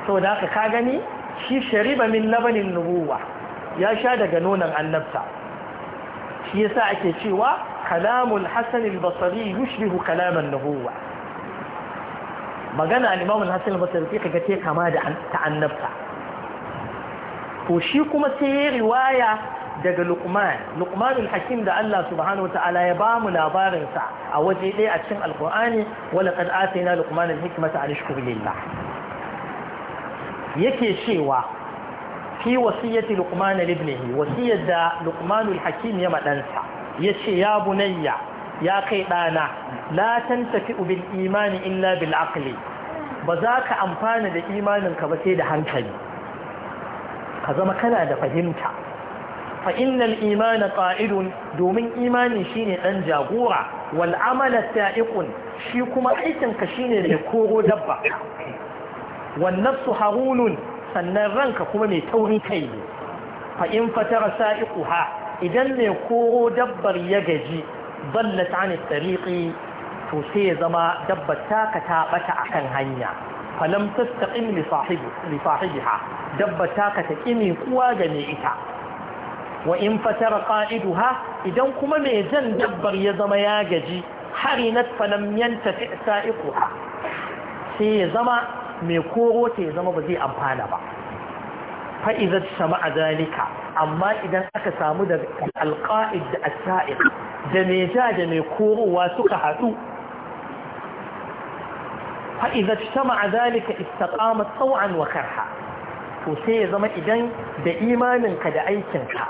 so haka ka gani shi shariba min labanin nubuwa ya sha daga nonon annabta shi yasa ake cewa kalamul hasan al-basri yushbihu kalaman nubuwa magana al-imam al-hasan al-basri sai kaga take kama da ta annabta to shi kuma sai riwaya daga luqman luqmanul hakim da Allah subhanahu wataala ya bamu labarinsa a waje ɗaya a cikin alkur'ani wala qad atayna luqman alhikmata an shkur lillah yake cewa fi wasiyyati luqman libnihi wasiyyar da lukmanul hakim ya madansa yace ya bunayya ya kai dana la tantafi bil imani illa bil aqli ba za ka amfana da imaninka ba sai da hankali ka zama kana da fahimta fa innal imana ƙa'idun domin imani shine ɗan jagora wal'amala amala sa'iqun shi kuma aikinka shine da koro dabba wannan su harunun sannan ranka kuma mai taurin kai ne fa in fatara ha idan mai koro dabbar ya gaji ballat an tariqi to sai ya zama dabbar taka ta a akan hanya falam tastaqim li sahibi dabba ta ka kuwa ga mai ita wa in fatara qa'iduha idan kuma mai jan dabbar ya zama ya gaji harinat falam yantafi ha sai ya zama mai koro ta ya zama ba zai amfana ba fa shama sama'a zalika amma idan aka samu da alqa'id da as da mai ja da mai korowa suka hadu fa'izar shama a zalika istaƙamar taw'an wa karha to sai ya zama idan da imaninka da aikinka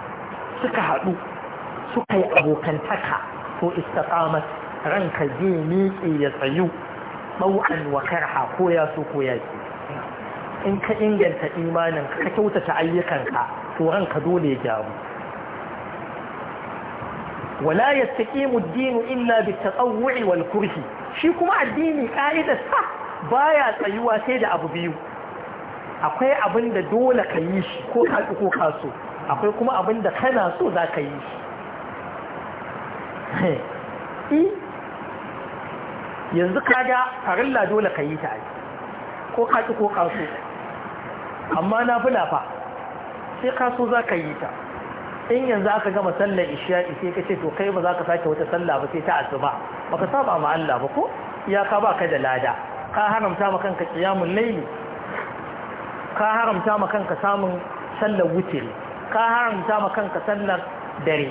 suka haɗu suka yi abokantaka ko istiqamat ranka zai miƙe ya tsayu ɗau'an wa karha ko ya so ko ya in ka inganta imanin ka kyautata ayyukanka to ranka dole ya gyaru wala yastaqimu ad-din illa bit-tatawwu'i wal-kurhi shi kuma addini ka'idar sa baya tsayuwa sai da abu biyu akwai abin da dole ka yi shi ko ka ko ka so akwai kuma abin da kana so za ka yi shi yanzu ka ga farilla dole ka yi ta ai ko kaki ko kaso amma na fi lafa sai kaso za ka yi ta in yanzu aka gama sallar ishiya ishe ka ce to kai ba za ka sake wata sallah ba sai ta asuba ba ka saba ma Allah ba ko ya ka ba ka da lada ka haramta ma kanka qiyamul layli ka haramta ma kanka samun sallar wutiri ka haramta ma kanka sallar dare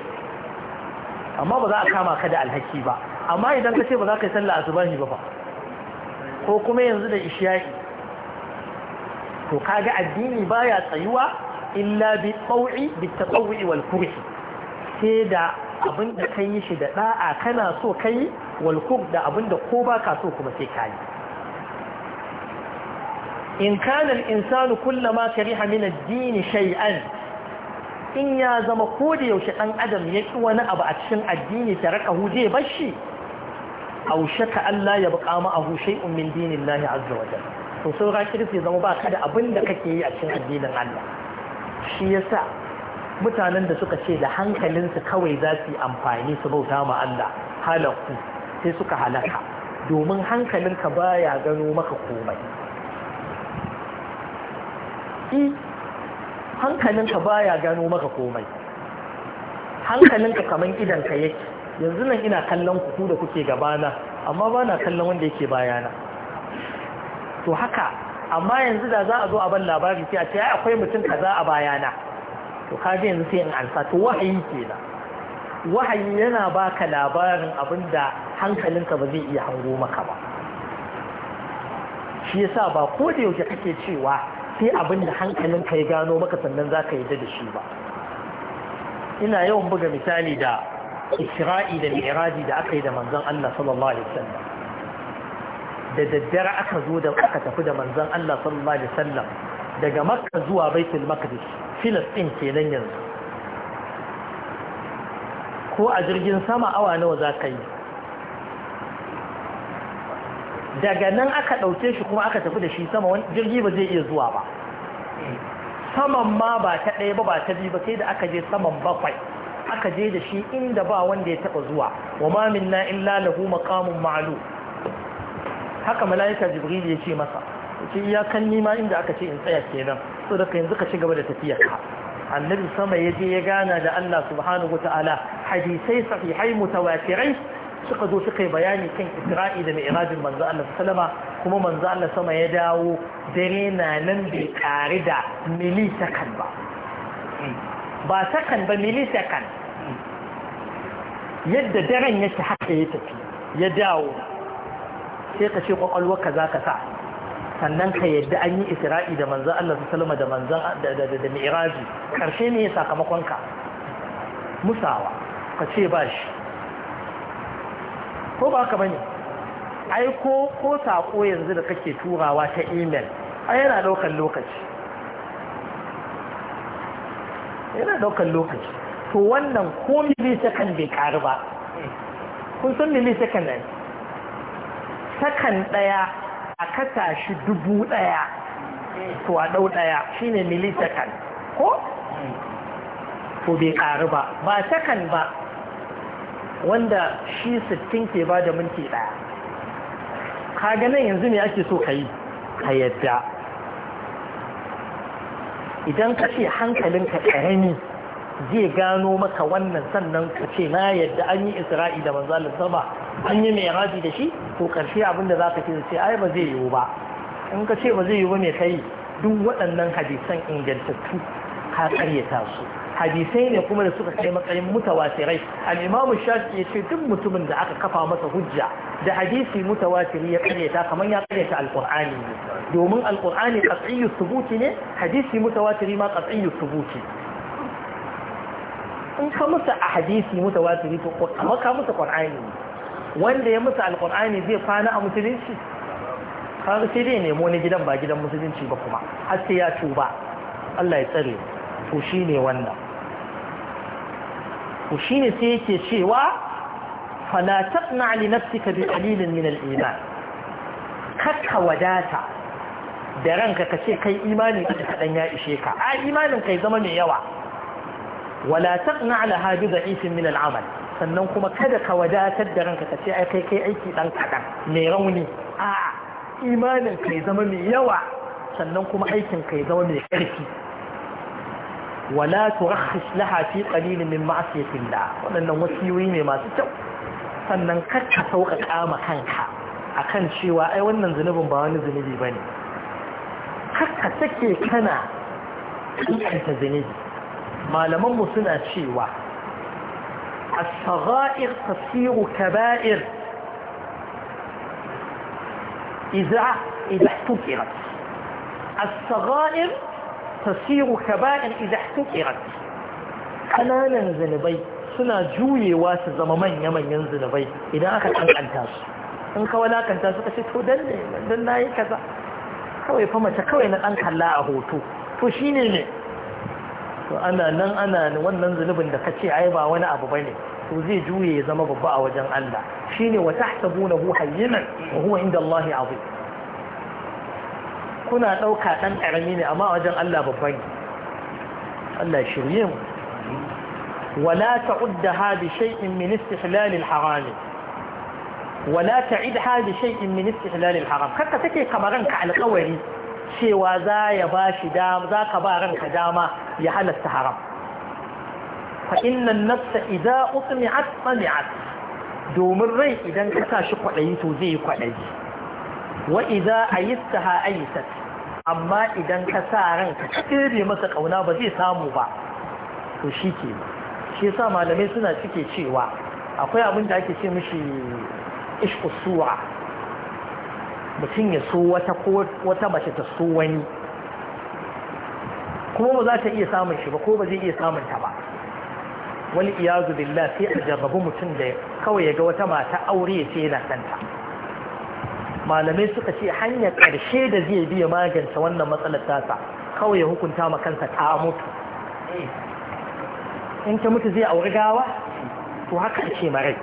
amma ba za a kama ka da alhaki ba amma idan ka ce ba za ka yi sallar asubahi ba ba ko kuma yanzu da isha'i to kaga addini baya tsayuwa illa bi tsawi bi tsawi wal kurhi sai da abin da kai yi shi da da'a kana so kai wal kurh da abin da ko baka so kuma sai ka yi إن كان الإنسان كلما كره من الدين شيئا in ya zama ko da yaushe ɗan adam ya ƙi wani abu a cikin addini ta raka huje a aushe ka Allah ya buƙa ma a shay'un min dinillahi azza wa jalla to ra kirfi zama ba ka da abin da kake yi a cikin addinin Allah shi yasa mutanen da suka ce da hankalinsu kawai za su yi amfani su bauta ma Allah halakku sai suka halaka domin hankalinka baya gano maka komai hankalinka baya gano maka komai hankalinka kaman idanka yake yanzu nan ina kallon kuku da kuke gabana amma ba na kallon wanda yake bayana to haka amma yanzu da za a zo a ban labari sai a ce akwai mutum za a bayana to kaga yanzu sai in ansa to wahayi ke da wahayi yana ba ka labarin abin da hankalinka ba zai iya hango maka ba shi yasa ba ko da yaushe kake cewa sai abin da hankalin ka ya gano maka sannan za ka yadda da shi ba ina yawan buga misali da isra'i da mi'iraji da aka yi da manzon Allah sallallahu alaihi wasallam da daddare aka zo da aka tafi da manzon Allah sallallahu alaihi wasallam daga makka zuwa baitul maqdis filistin kenan yanzu ko a jirgin sama awa nawa za ka yi daga nan aka ɗauke shi kuma aka tafi da shi sama wani jirgi ba zai iya zuwa ba saman ma ba ta ɗaya ba ba ta biyu ba sai da aka je saman bakwai aka je da shi inda ba wanda ya taɓa zuwa wa ma na illa lahu maqamun haka malaika jibril ya ce masa ce iyakan nima inda aka ce in tsaya kenan so da yanzu ka ci gaba da tafiya ka annabi sama ya je ya gana da Allah subhanahu wataala hadisai sahihai mutawatirai suka zo suka yi bayani kan isra'i da irajin manzo Allah sallama kuma manzo Allah sama ya dawo dare na nan bai kare da milisakan ba ba sakan ba milisakan yadda daren yake haka ya tafi ya dawo sai ka ce ka za ka sa sannan ka yadda an yi isra'i da manzo Allah sallama da manzo da mi'raji karshe ne sakamakon ka musawa ka ce ba shi ko ba haka bane ai ko ko sako yanzu da kake turawa ta email ai yana daukar lokaci yana daukar lokaci to wannan ko milisakan bai karu ba kun san milisakan ne sakan daya a kasa shi dubu daya to a dau daya shine milisakan ko to bai karu ba ba sakan ba wanda shi sittin ke ba da minti ɗaya kaga nan yanzu ne ake so ka yi ka yadda idan ka ce hankalinka ƙarami zai gano maka wannan sannan ka ce na yadda an yi isra'i da manzalin sama an yi mai da shi ko ƙarshe abinda za ka ce ce ai ba zai yiwu ba in ka ce ba zai yiwu ne kai duk waɗannan hadisan ingantattu ka ƙaryata su hadisai ne kuma da suka kai matsayin mutawatirai al-imam shafi ya ce duk mutumin da aka kafa masa hujja da hadisi mutawatiri ya karyata kamar ya karyata al'kur'ani ne domin al'kur'ani qat'iyyu thubuti ne hadisi mutawatiri ma qat'iyyu thubuti in ka musa a hadisi mutawatiri to kamar ka musa qur'ani wanda ya musa al'kur'ani zai kwana a musulunci kaga sai dai nemo ne gidan ba gidan musulunci ba kuma har sai ya tuba Allah ya tsare to shine wannan to shine sai yake cewa fala taqna li nafsika bi qalilin min al-iman kakka wadata da ranka ce kai imani kadan ya ishe ka a imanin kai zama mai yawa wala na laha da da'ifin min amal sannan kuma kada ka wadatar da ranka kace ai kai kai aiki dan kaɗan mai rauni a imanin kai zama mai yawa sannan kuma aikin kai zama mai ƙarfi ولا ترخص لها في قليل من معصية الله wannan wasiyoyi ne masu kyau sannan kakka sauƙaƙa ma kanka akan cewa ai wannan zunubin ba wani zunubi bane kakka take kana kanta zunubi malaman mu suna cewa as-sagha'ir tasiru kaba'ir idza idza tukirat as-sagha'ir tasiru kaba'in idza ihtuqirat kananan zunubai suna juyewa su zama manya-manyan zunubai idan aka kankanta su in ka walakanta suka ce to dan ne dan nayi kaza kawai fa mace kawai na dan a hoto to shine ne to ana nan ana wannan zunubin da ce ai ba wani abu bane to zai juya ya zama babba a wajen Allah shine wa tahsabunahu wa huwa inda Allah kuna ɗauka ɗan ƙarami ne amma wajen Allah babban Allah shirye mu ولا تعدها بشيء من استحلال الحرام ولا تعدها بشيء من استحلال الحرام حتى تكي كمرنك على قولي cewa za ya ba shi dama za ka ba ranka dama ya halasta haram fa innan nafsa idza utmi'at sami'at domin rai idan ka sa shi kwadayi to zai yi kwadayi wa idza ayistaha ayisat amma idan ka sa ran ka tsere masa kauna ba zai samu ba to shi ke shi sa malamai suna cike cewa akwai abin da ake ce mishi ishku mutum ya so wata ko mace ta so wani kuma ba za ta iya samun shi ba ko ba zai iya samun ta ba Wani iyazu billah sai a jarrabu mutum da kawai ya ga wata mata aure ya ce yana santa malamai suka ce hanyar ƙarshe da zai biya magance wannan matsalar tasa kawai ya hukunta ma kansa ta mutu in ka mutu zai auri gawa to haka ce marai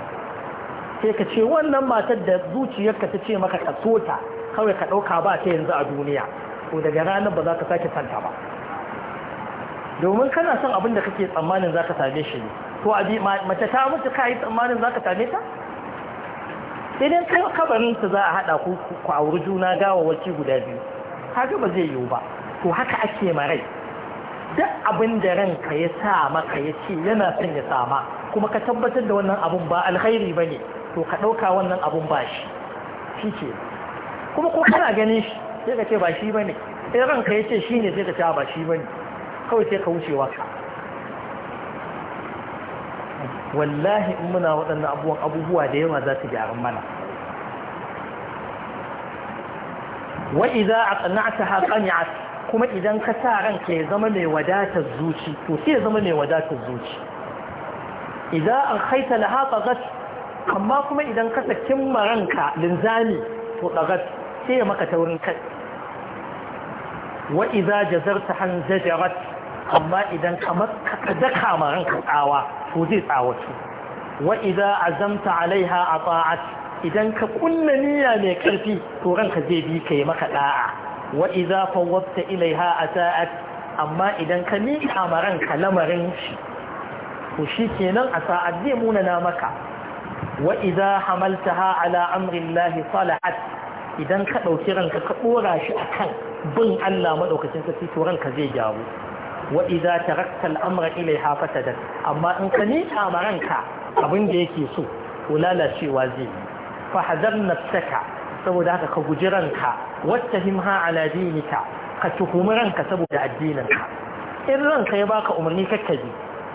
sai ka ce wannan matar da zuciyarka ta ce maka ka ta, kawai ka ɗauka ba ta yanzu a duniya ko daga ranar ba za ka sake santa ba domin kana son abin da kake tsammanin za ka same shi ne to mace ta mutu ka yi tsammanin za ka same ta sai dai kai ta za a haɗa ku ku auri juna gawawaki guda biyu kaga ba zai yiwu ba to haka ake marai duk abin da ranka ya sa maka ya ce yana son ya sama kuma ka tabbatar da wannan abun ba alkhairi ba ne to ka ɗauka wannan abun ba shi shi ke kuma ko kana ganin shi sai ka ce ba shi ba ne ranka ya ce shi ne sai ka ce ba shi ba ne kawai sai ka wuce waka wallahi in muna waɗannan abubuwan abubuwa da yawa za su gyaran mana wa idza aqna'taha qani'at kuma idan ka sa ranka ya zama mai wadatar zuci to sai ya zama mai wadatar zuci idza akhaita laha taqat amma kuma idan ka sakin maranka linzami to taqat sai ya maka taurin kai wa idza jazarta han zajarat amma idan ka daka maranka tsawa to zai tsawatu wa idza azamta alaiha ata'at idan ka kunna niyya mai karfi to ranka zai bi kai maka da'a wa idza fawwabta ilaiha ata'at amma idan ka miƙa ma ranka lamarin shi to shikenan a sa'ad zai munana maka wa hamalta ha ala amri Allah idan ka ɗauki ranka ka dora shi akan bin Allah maɗaukacin sarki to ranka zai gyaru wa idza tarakta al-amra hafata da amma in ka nika maranka abin da yake so to lalacewa zai fa hadar nafsaka saboda haka ka guji ranka himha ala dinika ka tuhumi ranka saboda addininka in ranka ya baka umarni bi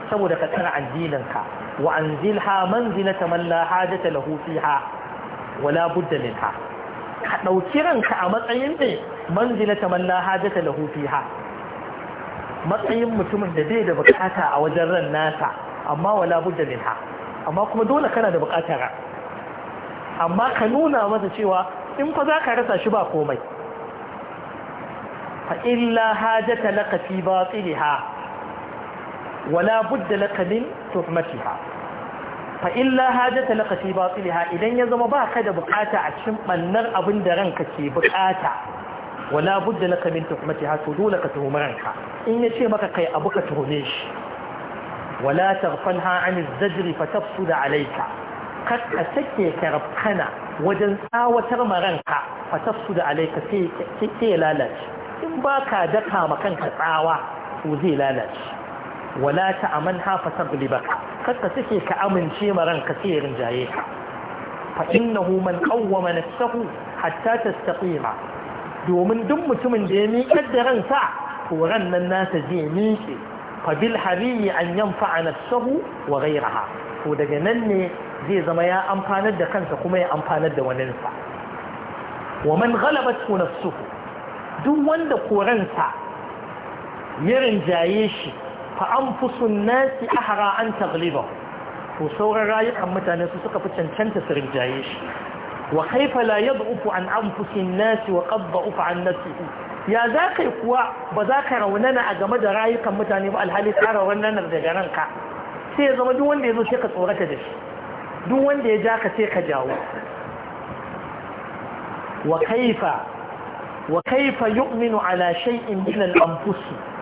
saboda ka tsara addininka wa anzilha manzilata man la hajata lahu fiha wala budda minha ka dauki ranka a matsayin da manzilata man la hajata lahu fiha matsayin mutumin da bai da bukata a wajen ran nasa amma wala budda minha amma kuma dole kana da bukatar amma ka nuna masa cewa in fa za ka rasa shi ba komai fa illa hajata laka fi batiliha wala budda laka min tuhmatiha fa illa hajata laka fi batiliha idan ya zama ba ka da bukata a cikin bannar abin da ranka ke bukata wala budda laka min tuhmatiha to dole ka tuhumi ranka in yace maka kai abu ka tuhume shi wala taghfalha an az fa fatafsuda alayka kar ka sake karfana wajen tsawatar ma ranka fatafsuda alayka sai sai lalace in baka daka ma kanka tsawa to zai lalace wala ta'amanha fataglibaka kar ka sake ka amince ma ranka sai ya rinjaye ka fa innahu man qawwama nafsahu hatta tastaqima domin duk mutumin da ya miƙar da ransa koran ran nan nasa zai miƙe fa bil harimi an yanfa'a nafsahu wa ghayraha to daga nan ne zai zama ya amfanar da kansa kuma ya amfanar da waninsa wa man ghalabat nafsuhu duk wanda koransa ya rinjaye shi fa anfusun nasi ahra an taghlibahu to sauran rayukan mutane su suka fi cancanta su rinjaye shi wa kaifa la yad'ufu an anfusin nasi wa qad da'ufa an nafsihi ya za kai kuwa ba za ka raunana a game da rayukan mutane ba alhali ka raunana da garanka? sai ya zama duk wanda ya zo sai ka tsorata da shi duk wanda ya ja ka sai ka jawo wa kaifa wa kaifa yu'minu ala shay'in min al-anfus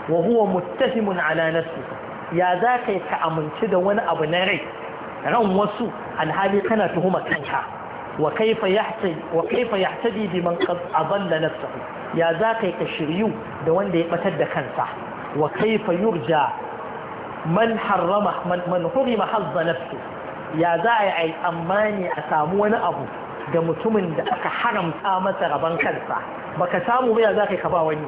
wa huwa muttahimun ala nafsihi ya za ka ka amince da wani abu na rai ran wasu alhali kana tuhumar kanka wakaifa ya haɗe biman aballa na tsaho ya za ka ka shiryu da wanda ya batar da kansa wakaifa yurja man harrama man huri ya za a yi a a samu wani abu da mutumin da aka haramta masa rabon kansa ba ka samu ba ya za ka ba wani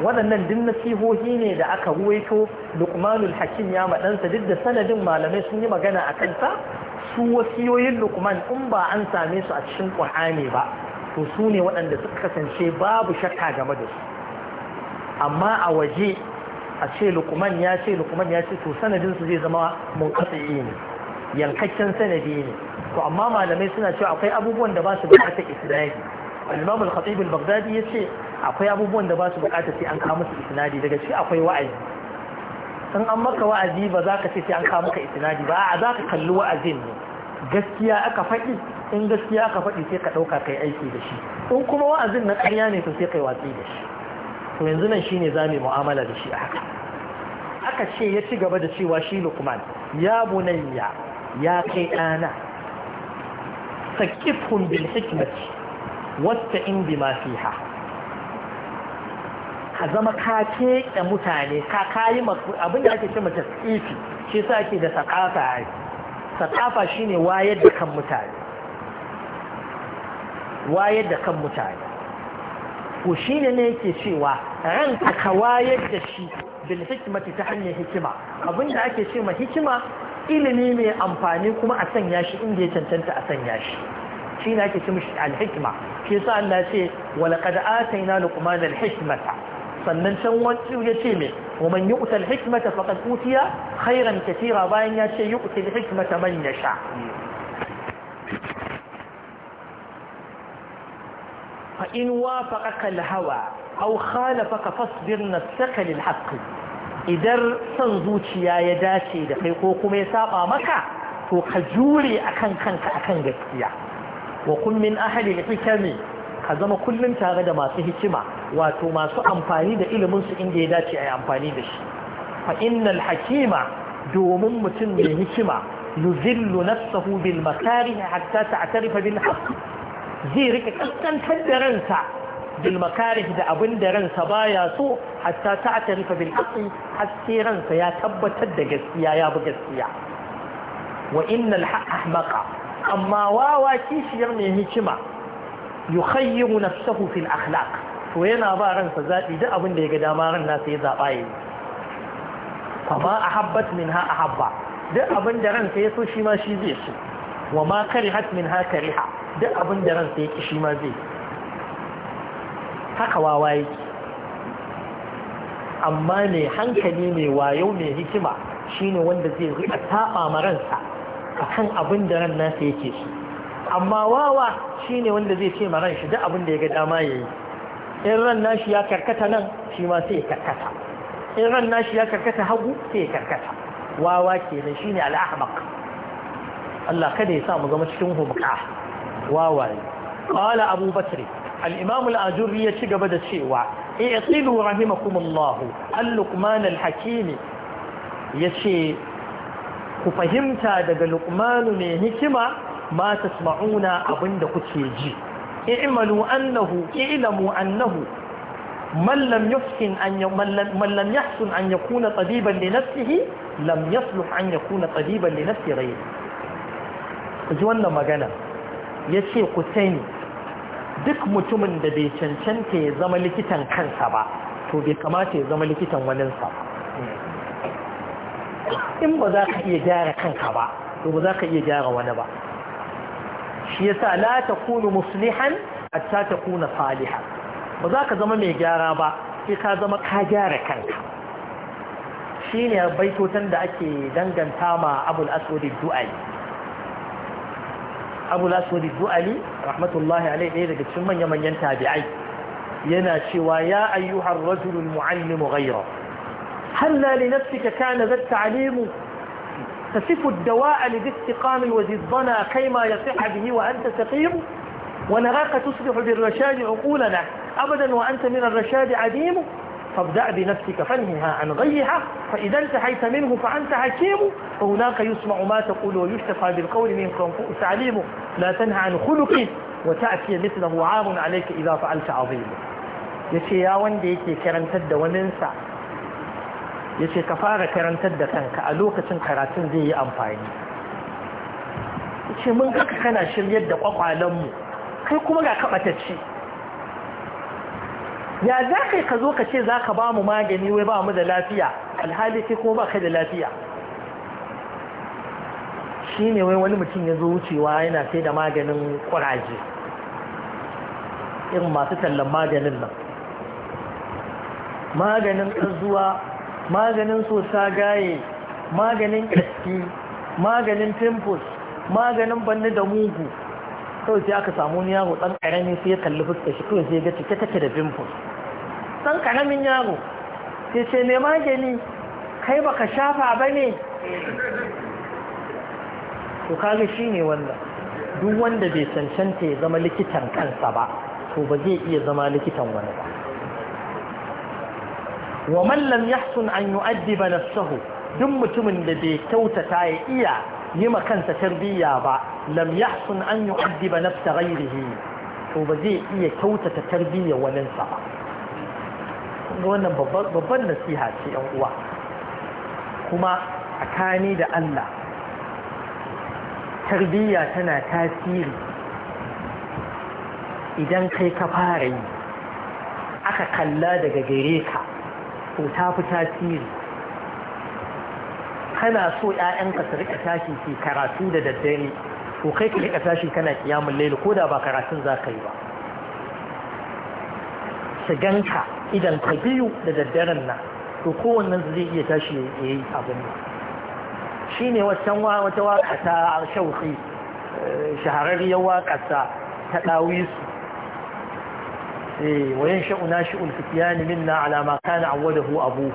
waɗannan duk nasihohi ne da aka ruwaito lukmanul hakim ya maɗansa duk da sanadin malamai sun yi magana a kansa su wasiyoyin lukman in ba an same su a cikin ƙur'ani ba to su ne waɗanda suka kasance babu shakka game da su amma a waje a ce lukman ya ce lukman ya ce to sanadin zai zama munqati ne yankaccen sanadi ne to amma malamai suna cewa akwai abubuwan da ba su bukatar isnadi al-imam al-khatib al-baghdadi akwai abubuwan da ba su bukatar sai an kawo musu isnadi daga ci akwai wa'azi in an maka wa'azi ba za ka ce sai an kawo maka itinadi ba a za ka kalli wa'azin ne gaskiya aka faɗi in gaskiya aka faɗi sai ka ɗauka kai aiki da shi in kuma wa'azin na ƙarya ne to sai kai watsi da shi to yanzu nan shine za mu mu'amala da shi a haka aka ce ya ci gaba da cewa shi lukman ya bunayya ya kai ɗana sakifhum bil hikmati wasta'in bima ha. a zama ka da mutane ka kayi abin da ake ce mata tsifi shi sa ake da sakafa yi sakafa shine wayar da kan mutane wayar da kan mutane ko shi ne yake cewa ran ka wayar da shi hikima hikmati ta hanyar hikima abin da ake ce ma hikima ilimi mai amfani kuma a sanya shi inda ya cancanta a sanya shi shi ne ake ce mishi al-hikma shi yasa Allah ce wa laqad na lukuma da alhikimata sannan can wacce ya ce mai ومن يؤتى الحكمة فقد أوتي خيرا كثيرا باين يشي يؤتي الحكمة من يشاء فإن وافقك الهوى أو خالفك فاصبر نفسك للحق إذا صنزوتي يا يداتي دقيقوك ميساقا مكا فكجوري أكن كنك أكن جسيا وكن من أهل الحكم ka zama kullum tare da masu hikima wato masu amfani da ilimin su inda ya dace a yi amfani da shi fa innal hakima domin mutum mai hikima yuzillu nafsahu bil makarih hatta ta'tarifa bil haqq zai rika kaskantar da ransa bil makarih da abin da ransa baya so hatta ta'tarifa bil haqq har ransa ya tabbatar da gaskiya ya bi gaskiya wa innal haqq ahmaqa amma wawa kishiyar mai hikima yukhayyimu nafsahu fil akhlaq to yana ba ransa zaɓi duk abin da ya ga dama ran na ya zaɓa ya yi fa ma ahabbat minha ahabba duk abin da ransa ya so shi ma shi zai so wa ma karihat minha kariha duk abin da ransa ya ki shi ma zai haka wawa yake amma mai hankali mai wayo mai hikima shine wanda zai riƙa taɓa ma ransa akan abin da ran nasa yake shi. amma wawa shi ne wanda zai ce ma ran shi da abin da ya ga dama ya yi. in ran nashi ya karkata nan shi ma sai ya karkata in ran nashi ya karkata hagu sai ya karkata wawa ke kenan shine al-ahmaq Allah kada ya sa mu zama cikin hubqa wawaye qala Abu Bakr al-Imam al-Ajurri ya ci gaba da cewa i'tilu rahimakumullah al-Luqman al hakimi Ya ce ku fahimta daga Luqman ne hikima ma tasma'una abinda kuke ji i'malu annahu i'lamu annahu man lam yufsin an man lam yahsun an yakuna tabiban li nafsihi lam yasluh an yakuna tabiban li nafsi ghayri ku ji wannan magana yace ku sani duk mutumin da bai cancanta ya zama likitan kansa ba to bai kamata ya zama likitan waninsa in ba za ka iya gyara kanka ba to ba za ka iya gyara wani ba shi yasa la takunu muslihan hatta takuna salihan ba za ka zama mai gyara ba sai ka zama ka gyara kanka shine baitotan da ake danganta ma abul aswadi du'ali abul aswadi du'ali rahmatullahi alaihi ɗaya daga cikin manyan manyan tabi'ai yana cewa ya ayyuhar rajulul muallimu ghayra la li nafsika kana zat ta'limu تصف الدواء لذي استقام وذي الضنا كيما يصح به وأنت سقيم ونراك تصبح بالرشاد عقولنا أبدا وأنت من الرشاد عديم فابدأ بنفسك فانهها عن غيها فإذا انتهيت منه فأنت حكيم وهناك يسمع ما تقول ويشتفى بالقول منك عليم لا تنهى عن خلق وتأتي مثله عام عليك إذا فعلت عظيم يا وندي كرمتد وننسى ya ce ka fara karantar da kanka a lokacin karatun zai yi amfani ya ce mun haka kana shiryar da kwakwalonmu kai kuma ga kaɓatacci ya za kai ka zo ka ce za ka ba mu magani wai ba mu da lafiya alhali kai kuma ba kai da lafiya shi ne wai wani mutum ya zo wucewa yana sai da maganin ƙuraje irin masu tallan maganin nan maganin zuwa maganin sosa gaye maganin ƙarfi maganin pimples maganin banni da mugu kawai sai aka samu wani yaro ɗan ƙarami sai ya kalli fuskar shi kawai sai ga cike take da pimples ɗan ƙaramin yaro sai ce mai magani kai ba ka shafa ba ne to kaga shi ne wannan duk wanda bai cancanta ya zama likitan kansa ba to ba zai iya zama likitan wani ba wa man lam yahsun an yu'addiba duk mutumin da bai kyautata ya iya yi ma kansa tarbiyya ba lam yahsun an yu'addiba to ba zai iya kyautata tarbiyya wani sa ba wannan babban nasiha ce yan uwa kuma a kani da Allah tarbiyya tana tasiri idan kai ka fara yi aka kalla daga gare ka to ta fi tasiri kana so 'ya'yanka su rika tashi ke karatu da daddare ko kai ka rika tashi kana kiyamun laili ko da ba karatun za ka yi ba shiganka idan ka biyu da daddaren nan to kowannen zai iya tashi ya yi abin nan shi ne wata waka ta shauki eh, shahararriyar waƙasa ta ɗawisu وينشأ ناشئ الفتيان منا على ما كان عوده أبوه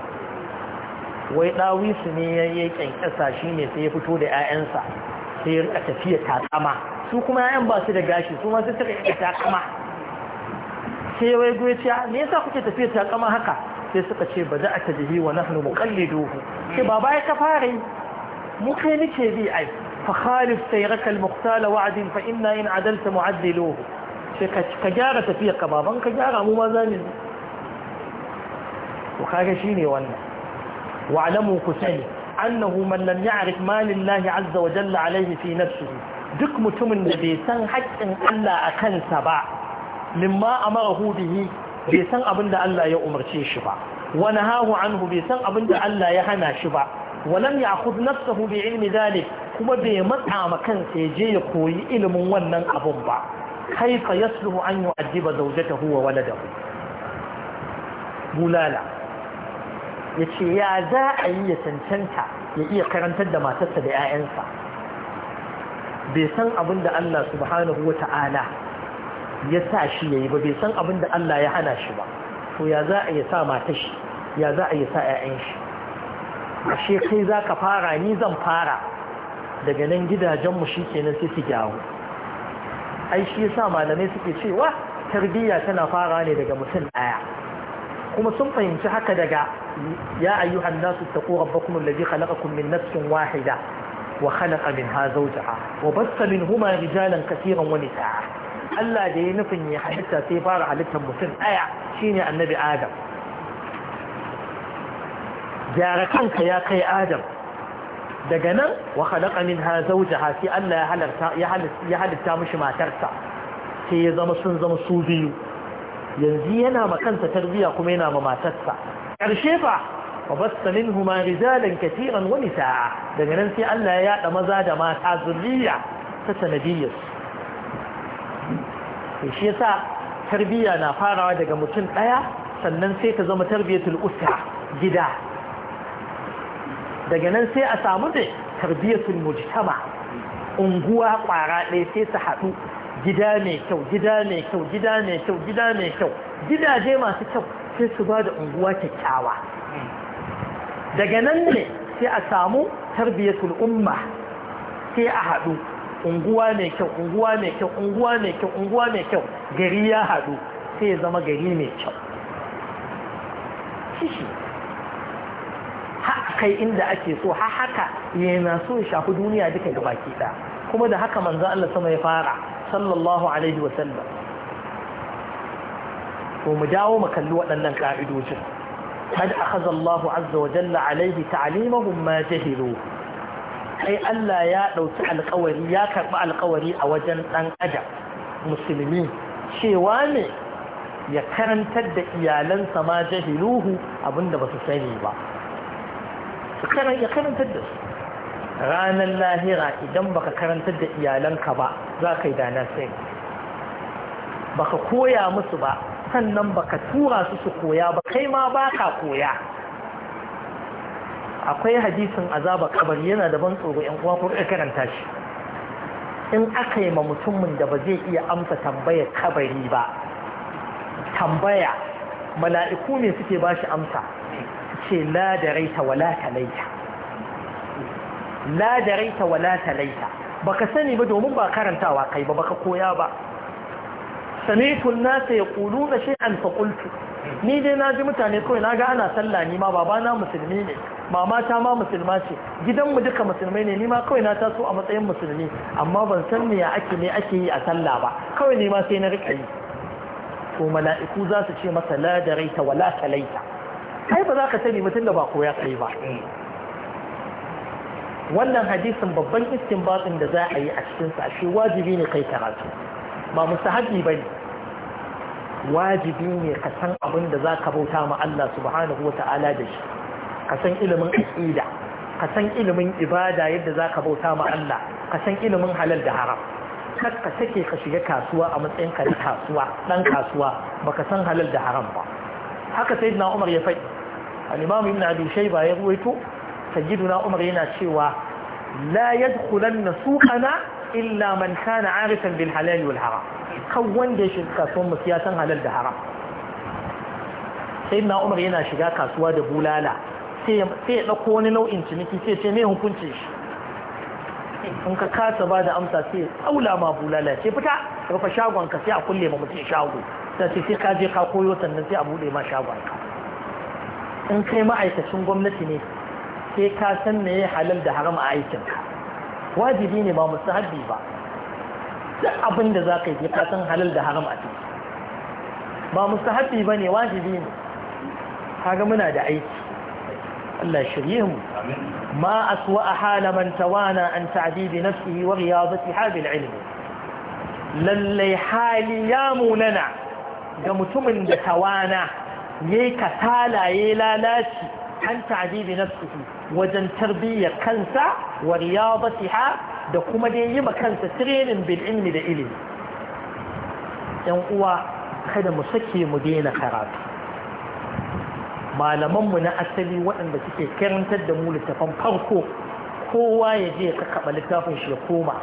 wai ɗawisu ne ya yi ƙyanƙyasa shi ne sai ya fito da 'ya'yansa sai ya rika tafiya takama su kuma 'ya'yan ba su da gashi su ma su suka rika takama sai wai goyiciya me yasa kuke tafiya takama haka sai suka ce ba za a tajihi wa nahnu muqalliduhu sai ba ya ka fara yi mu kai nake bi ai fa khalif sayraka al-muqtala wa'din fa inna in adalta mu'addiluhu sai ka gyara tafiyar ka baban ka gyara mu ma zamu to kage ne wannan wa alamu ku sani annahu man lam ya'rif ma lillahi azza wa jalla alayhi fi nafsihi duk mutumin da bai san haƙƙin Allah a kansa ba mimma amarahu bihi bai san abin da Allah ya umarce shi ba wa nahahu anhu bai san abin da Allah ya hana shi ba wa lam ya'khudh nafsahu bi ilmi dhalik kuma bai matsa ma kansa ya je ya koyi ilimin wannan abun ba كيف يصلح أن يؤدب زوجته وولده بلالا يتشي يا ذاعي يتنشنت يئي قرنتد ما تسد آئنسا بيسان أبند الله سبحانه وتعالى يساشي يبا بيسان أبند الله يحناشي شبا ويا ذاعي ما تشي يا ذاعي يساء آئنشي ashe kai ذاك ka نيزا ni zan جدا جمشي nan gidajenmu shi ai shi yasa malamai suke cewa tarbiyya tana fara ne daga mutum ɗaya kuma sun fahimci haka daga ya ayyuhan nasu taqu rabbakum alladhi khalaqakum min nafsin wahida wa khalaqa minha zawjaha wa bassa minhuma rijalan katiran wa nisaa Allah da ya nufin ya halitta sai fara halittar mutum ɗaya shine annabi Adam gyara kanka ya kai Adam daga nan wa khalaqa minha zawjaha sai Allah ya halarta ya halitta ya mishi matarsa sai ya zama sun zama su biyu yanzu yana ma kansa tarbiya kuma yana ma matarsa karshe fa wa basta minhuma rijalan katiran wa nisaa daga nan sai Allah ya yada maza da mata zuriya ta sanadiyyar to shi yasa tarbiya na farawa daga mutum daya sannan sai ta zama tarbiyatul usra gida daga nan sai a samu da tarbiyyatul mujtama unguwa kwara ɗaya sai su haɗu gida mai kyau gida mai kyau gida mai kyau gida mai kyau gidaje masu kyau sai su ba da unguwa kyakkyawa daga nan ne sai a samu tarbiyatul umma sai a haɗu unguwa mai kyau unguwa mai kyau unguwa mai kyau unguwa mai kyau gari ya haɗu sai ya zama gari mai kyau har kai inda ake so ha haka yana so ya shafi duniya duka ga baki ɗaya kuma da haka manzo Allah sama ya fara sallallahu alaihi wa sallam to mu dawo mu kalli waɗannan ka'idojin kad akhadha Allah azza wa jalla alaihi ta'limahum ma jahilu ai Allah ya dauki alƙawari ya karɓi alƙawari a wajen dan aja musulmi cewa ne ya karantar da iyalansa ma jahiluhu abinda ba su sani ba ya karantar da ranar lahira idan baka karantar da iyalanka ba za ka yi dana sai baka koya musu ba sannan baka tura su su koya ba kai ma ba ka koya akwai hadisin azaba kabari yana da ban tsoro yan uwa kuma karanta shi in aka yi ma mutumin da ba zai iya amsa tambayar kabari ba tambaya mala'iku ne suke ba shi amsa ce la da raita talaita la da raita talaita baka sani ba domin ba karantawa kai ba baka koya ba sami'tu an-nasa yaquluna shay'an fa qultu ni dai na ji mutane kawai na ga ana sallah ni ma babana musulmi ne mama ta ma musulma ce gidanmu duka musulmai ne ni ma kawai na taso a matsayin musulmi amma ban san me ya ake ne ake yi a sallah ba kawai ne ma sai na riƙa yi to mala'iku za su ce masa la da raita wala talaita kai ba za ka sani mutum da ba koya kai ba wannan hadisin babban iskin istinbatin da za a yi a cikinsa a shi wajibi ne kai karatu ba musahabi ba ne wajibi ne ka san abin da za ka bauta ma Allah subhanahu wa ta'ala da shi ka san ilimin aƙida ka san ilimin ibada yadda za ka bauta ma Allah ka san ilimin halal da haram kar ka ka shiga kasuwa a matsayin ka na kasuwa dan kasuwa baka san halal da haram ba haka sayyidina Umar ya faɗi al-imam ibn abi shayba ya ruwaito sajiduna umar yana cewa la yadkhulanna suqana illa man kana arifan bil halal wal haram kan wanda ya shiga kasuwar mu siyasan halal da haram na umar yana shiga kasuwa da bulala sai ya ɗauko wani nau'in ciniki sai ce me hukunci shi in ka kasa ba da amsa sai aula ma bulala ce fita rufe shagon ka sai a kulle ma mutum shago sai sai ka je ka koyo sannan sai a bude ma shagon ka in kai ma'aikacin gwamnati ne sai ka san me ya halal da haram a aikin wajibi ne ba musahabi ba duk abin da za ka yi ka san halal da haram a ciki ba musahabi ba ne wajibi ne kaga muna da aiki Allah shirye mu ما أسوأ حال من توانى عن تعذيب نفسه lalle hali ya حالي ga mutumin da tawana yayi kasala yayi lalaci an na nafsihi wajen tarbiyyar kansa wa riyadatiha da kuma dai yi kansa training bil ilmi da ilimi yan uwa kada mu sake mu daina karatu malamanmu na asali waɗanda suke karantar da mu littafan farko kowa ya je ka kaɓa littafin shi ya koma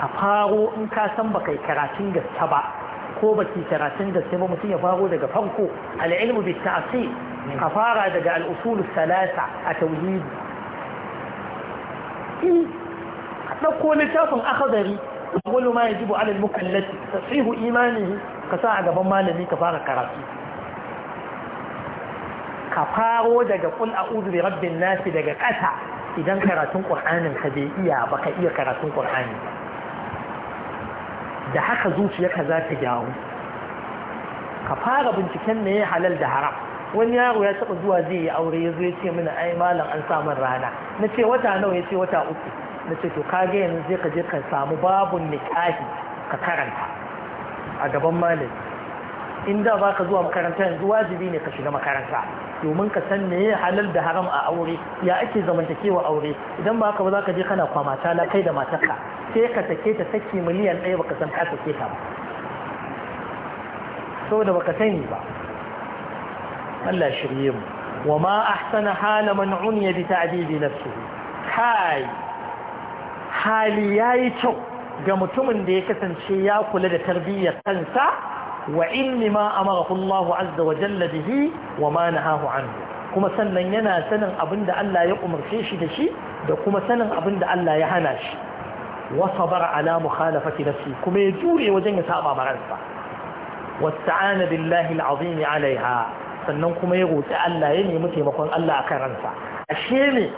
ka faro in ka san ba kai karatun gaske ba ko baki karatun da sai ba mutum ya faro daga farko al'ilmu ده الأصول الثلاثة fara إيه al'usul salasa a tauhidi a ما يجب على المكلف تصحيح إيمانه كساعة قبل ما لم كراسي كفارو ده قل أعوذ برب الناس ده قسع إذا كراتون قرآن الخبيئية بقى إيه كراتون قرآن da haka zuciyarka za ta gyaru ka fara binciken ne halal da haram wani yaro ya taba zuwa zai yi aure ya zo ya ce mini ai malam an samun rana na ce wata nawa ya ce wata uku na ce to ka ga yanzu zai ka je ka samu babun nikahi ka karanta a gaban malam in da ba ka zuwa makaranta yanzu wajibi ne ka shiga makaranta domin ka san meye halal da haram a aure ya ake zamantakewa aure idan ba haka ba za ka je kana kwama la kai da matarka sai ka sake ta saki miliyan ɗaya baka san ka sake ta ba saboda baka sani ba Allah shirye mu wa ma ahsana hala man uniya bi ta'dibi nafsihi kai hali yayi kyau ga mutumin da ya kasance ya kula da tarbiyyar kansa wa ilmi ma amarahu Allah azza wa jalla bihi wa ma nahahu kuma sannan yana sanin abinda Allah ya umarce shi da shi da kuma sanin abin da Allah ya hana shi wa sabara ala mukhalafati nafsi kuma ya jure wajen ya saba maransa wasta'ana billahi alazim alaiha sannan kuma ya roƙi Allah ya nemi taimakon Allah a ransa ashe ne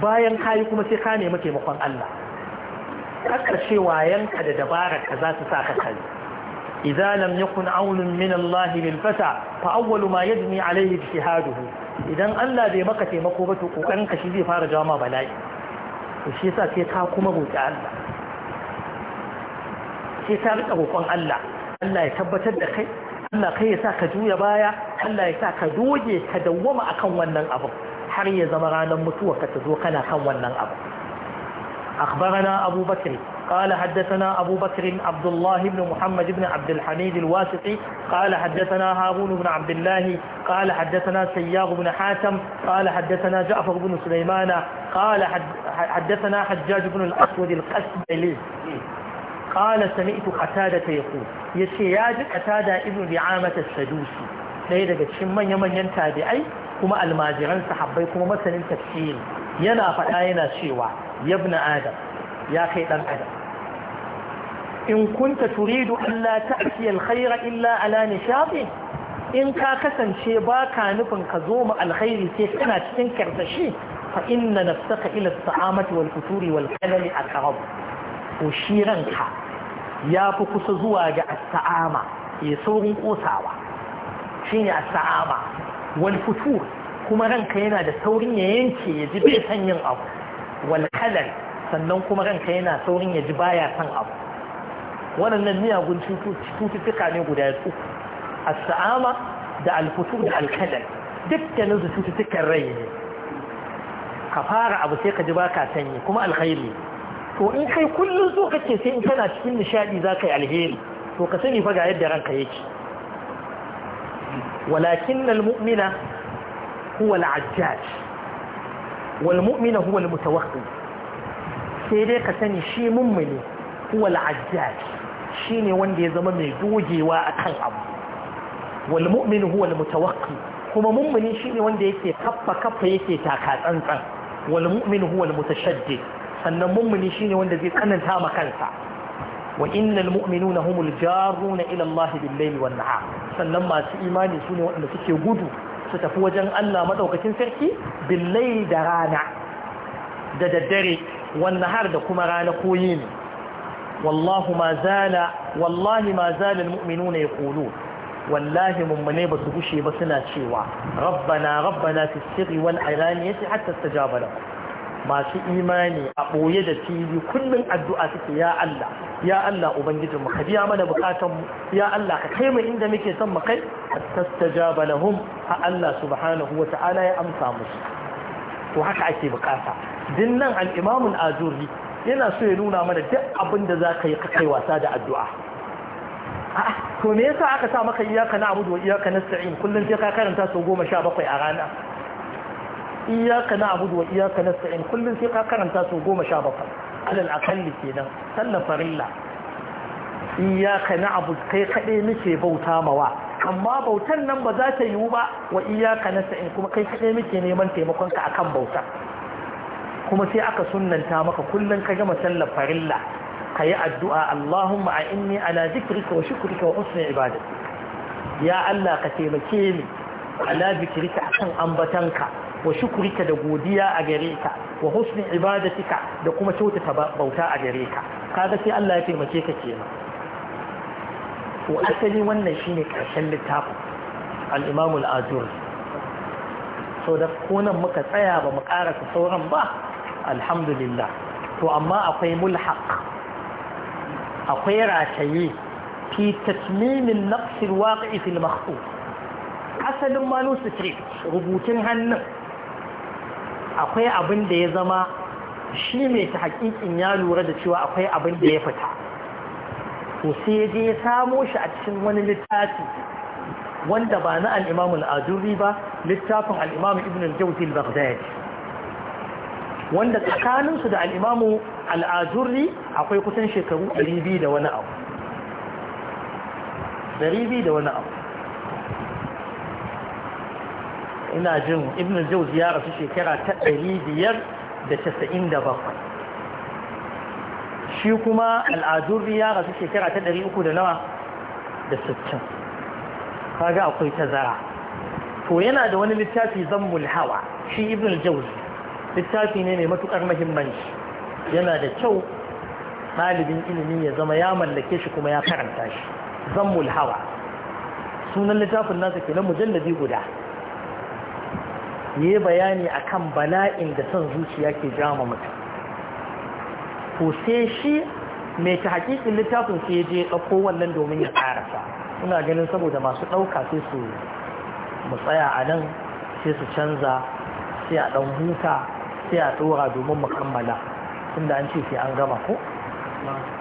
bayan kayi kuma sai ka nemi taimakon Allah kakar cewa yanka da dabara ka za sa ka kai إذا لم يكن عون من الله للفتى فأول ما يجني عليه اجتهاده إذا ألا ذي مكة مقوبة وأنك شذي فارجا ما بلاي وشي سا سي تاكم أبو تعالى شي سا أبو قن ألا ألا يثبت الدخي ألا كي سا كجوية بايا ألا يسا كدوجي كدوم أكون ونن أبو حري زمرانا متوكة تزوقنا كون ونن أبو أخبرنا أبو بكر قال حدثنا أبو بكر عبد الله بن محمد بن عبد الحميد الواسطي قال حدثنا هارون بن عبد الله قال حدثنا سياغ بن حاتم قال حدثنا جعفر بن سليمان قال حدثنا حجاج بن الأسود القسبلي قال سمعت قتادة يقول يشي ياج قتادة ابن دعامة السدوسي ɗaya daga cikin manya-manyan tabi'ai kuma almajiran sahabbai kuma masanin tafsiri yana faɗa yana cewa yabna adam ya kai dan adam in kunta turidu Allah ta'ti alkhaira illa ala nishati in ka kasance baka nufin ka zo mu alkhairi sai kana cikin karsashi fa inna nafsaka ila as-sa'amati wal futuri wal qalali aqrab shi ranka ya fi kusa zuwa ga as-sa'ama ya saurin kosawa shine as-sa'ama wal futur kuma ranka yana da saurin ya yanke ya ji bai san yin abu wal sannan kuma ranka yana saurin ya ji baya son abu waɗannan miyagun cututtuka ne guda uku as-sa'ama da alfutur da alkadar dukkanin su cututtukan rai ne ka fara abu sai ka ji baka sanyi kuma alkhairi to in kai kullum so kake sai in kana cikin nishadi za ka yi alheri to ka sani fa ga yadda ranka yake walakin al huwa al walmumina wal mu'mina huwa sai dai ka sani shi mummuni huwa al'ajjaj shine wanda ya zama mai gogewa akan abu wal mu'min huwa al-mutawaqqi kuma mummuni shine wanda yake kaffa kaffa yake taka tsantsan wal mu'min huwa al-mutashaddid sannan mummuni shine wanda zai kananta ma kansa wa innal mu'minuna humul jaruna ila Allah bil layli wan nahar sannan masu imani sune wanda suke gudu su tafi wajen Allah madaukakin sarki bil layli da rana da daddare والنهار دا كما رانا كوين والله ما زال والله ما زال المؤمنون يقولون والله ممن بسبوشي بسنا شيوا ربنا ربنا في السر والعلانية حتى استجاب لهم ما في إيماني أبو يد تيلي كل من الدعاء يا الله يا الله أبنجدهم خدي عمل بقاتهم يا الله كيما عند مكي ثم قل حتى استجاب لهم الله سبحانه وتعالى يا أمسى مصر وهكا أكي بقاتهم dinnan al'imamun ajuri yana so ya nuna mana duk abin da za ka yi kai wasa da addu'a to me yasa aka sa maka iyaka na abudu wa iyaka na sa'in kullum sai ka karanta sau goma sha bakwai a rana iyaka na abudu wa iyaka na sa'in kullum sai ka karanta sau goma sha bakwai alal akalli kenan sallan farilla iyaka na abu kai kaɗai nake bauta mawa amma bautan nan ba za ta yiwu ba wa iyaka na sa'in kuma kai kaɗai muke neman taimakonka akan bauta kuma sai aka sunanta maka kullum ka gama sallar farilla ka yi addu'a Allahumma a inni ala zikirka wa shukurka wa husnul ibadati ya Allah ka taimake ni ala zikirka akan ambatanka wa shukurka da godiya a gare ka wa husnul ibadatika da kuma kyautata bauta a gare ka kaga sai Allah ya taimake ka kenan Wa asali wannan shine karshen littafin al-Imam al-Azuri so da konan muka tsaya ba mu karasa sauran ba alhamdulillah to amma akwai mulhaq akwai rataye fi tatmimin naqsil waqi'i fil makhtu asalin manuscript rubutun hannun akwai abin da ya zama shi mai ta hakikin ya lura da cewa akwai abin da ya fita to sai je ya samo shi a cikin wani littafi wanda ba na al-Imam al-Ajuri ba littafin al-Imam Ibn al-Jawzi al-Baghdadi wanda tsakaninsu da al'imamu al'ajurri akwai kusan shekaru 200 da wani abu 200 da wani abu ina jin ibn jauz ya rasu shekara ta 597 shi kuma al'ajurri ya rasu shekara ta 300 da nawa da 60 kaga akwai tazara to yana da wani littafi zammul hawa shi ibn jauz littafi ne mai matukar mahimmanci yana da kyau ɗalibin ilimi ya zama ya mallake shi kuma ya karanta shi Zan mulhawa. sunan littafin nasa kenan mujalladi guda ya yi bayani akan bala'in da son zuciya ke jama mutum ko sai shi mai ta hakikin littafin sai je ɗauko wannan domin ya ƙarasa suna ganin saboda masu ɗauka sai su mu tsaya a nan sai su canza sai a ɗan huta sai a tsora domin mu kammala tunda an ce sai an gama ko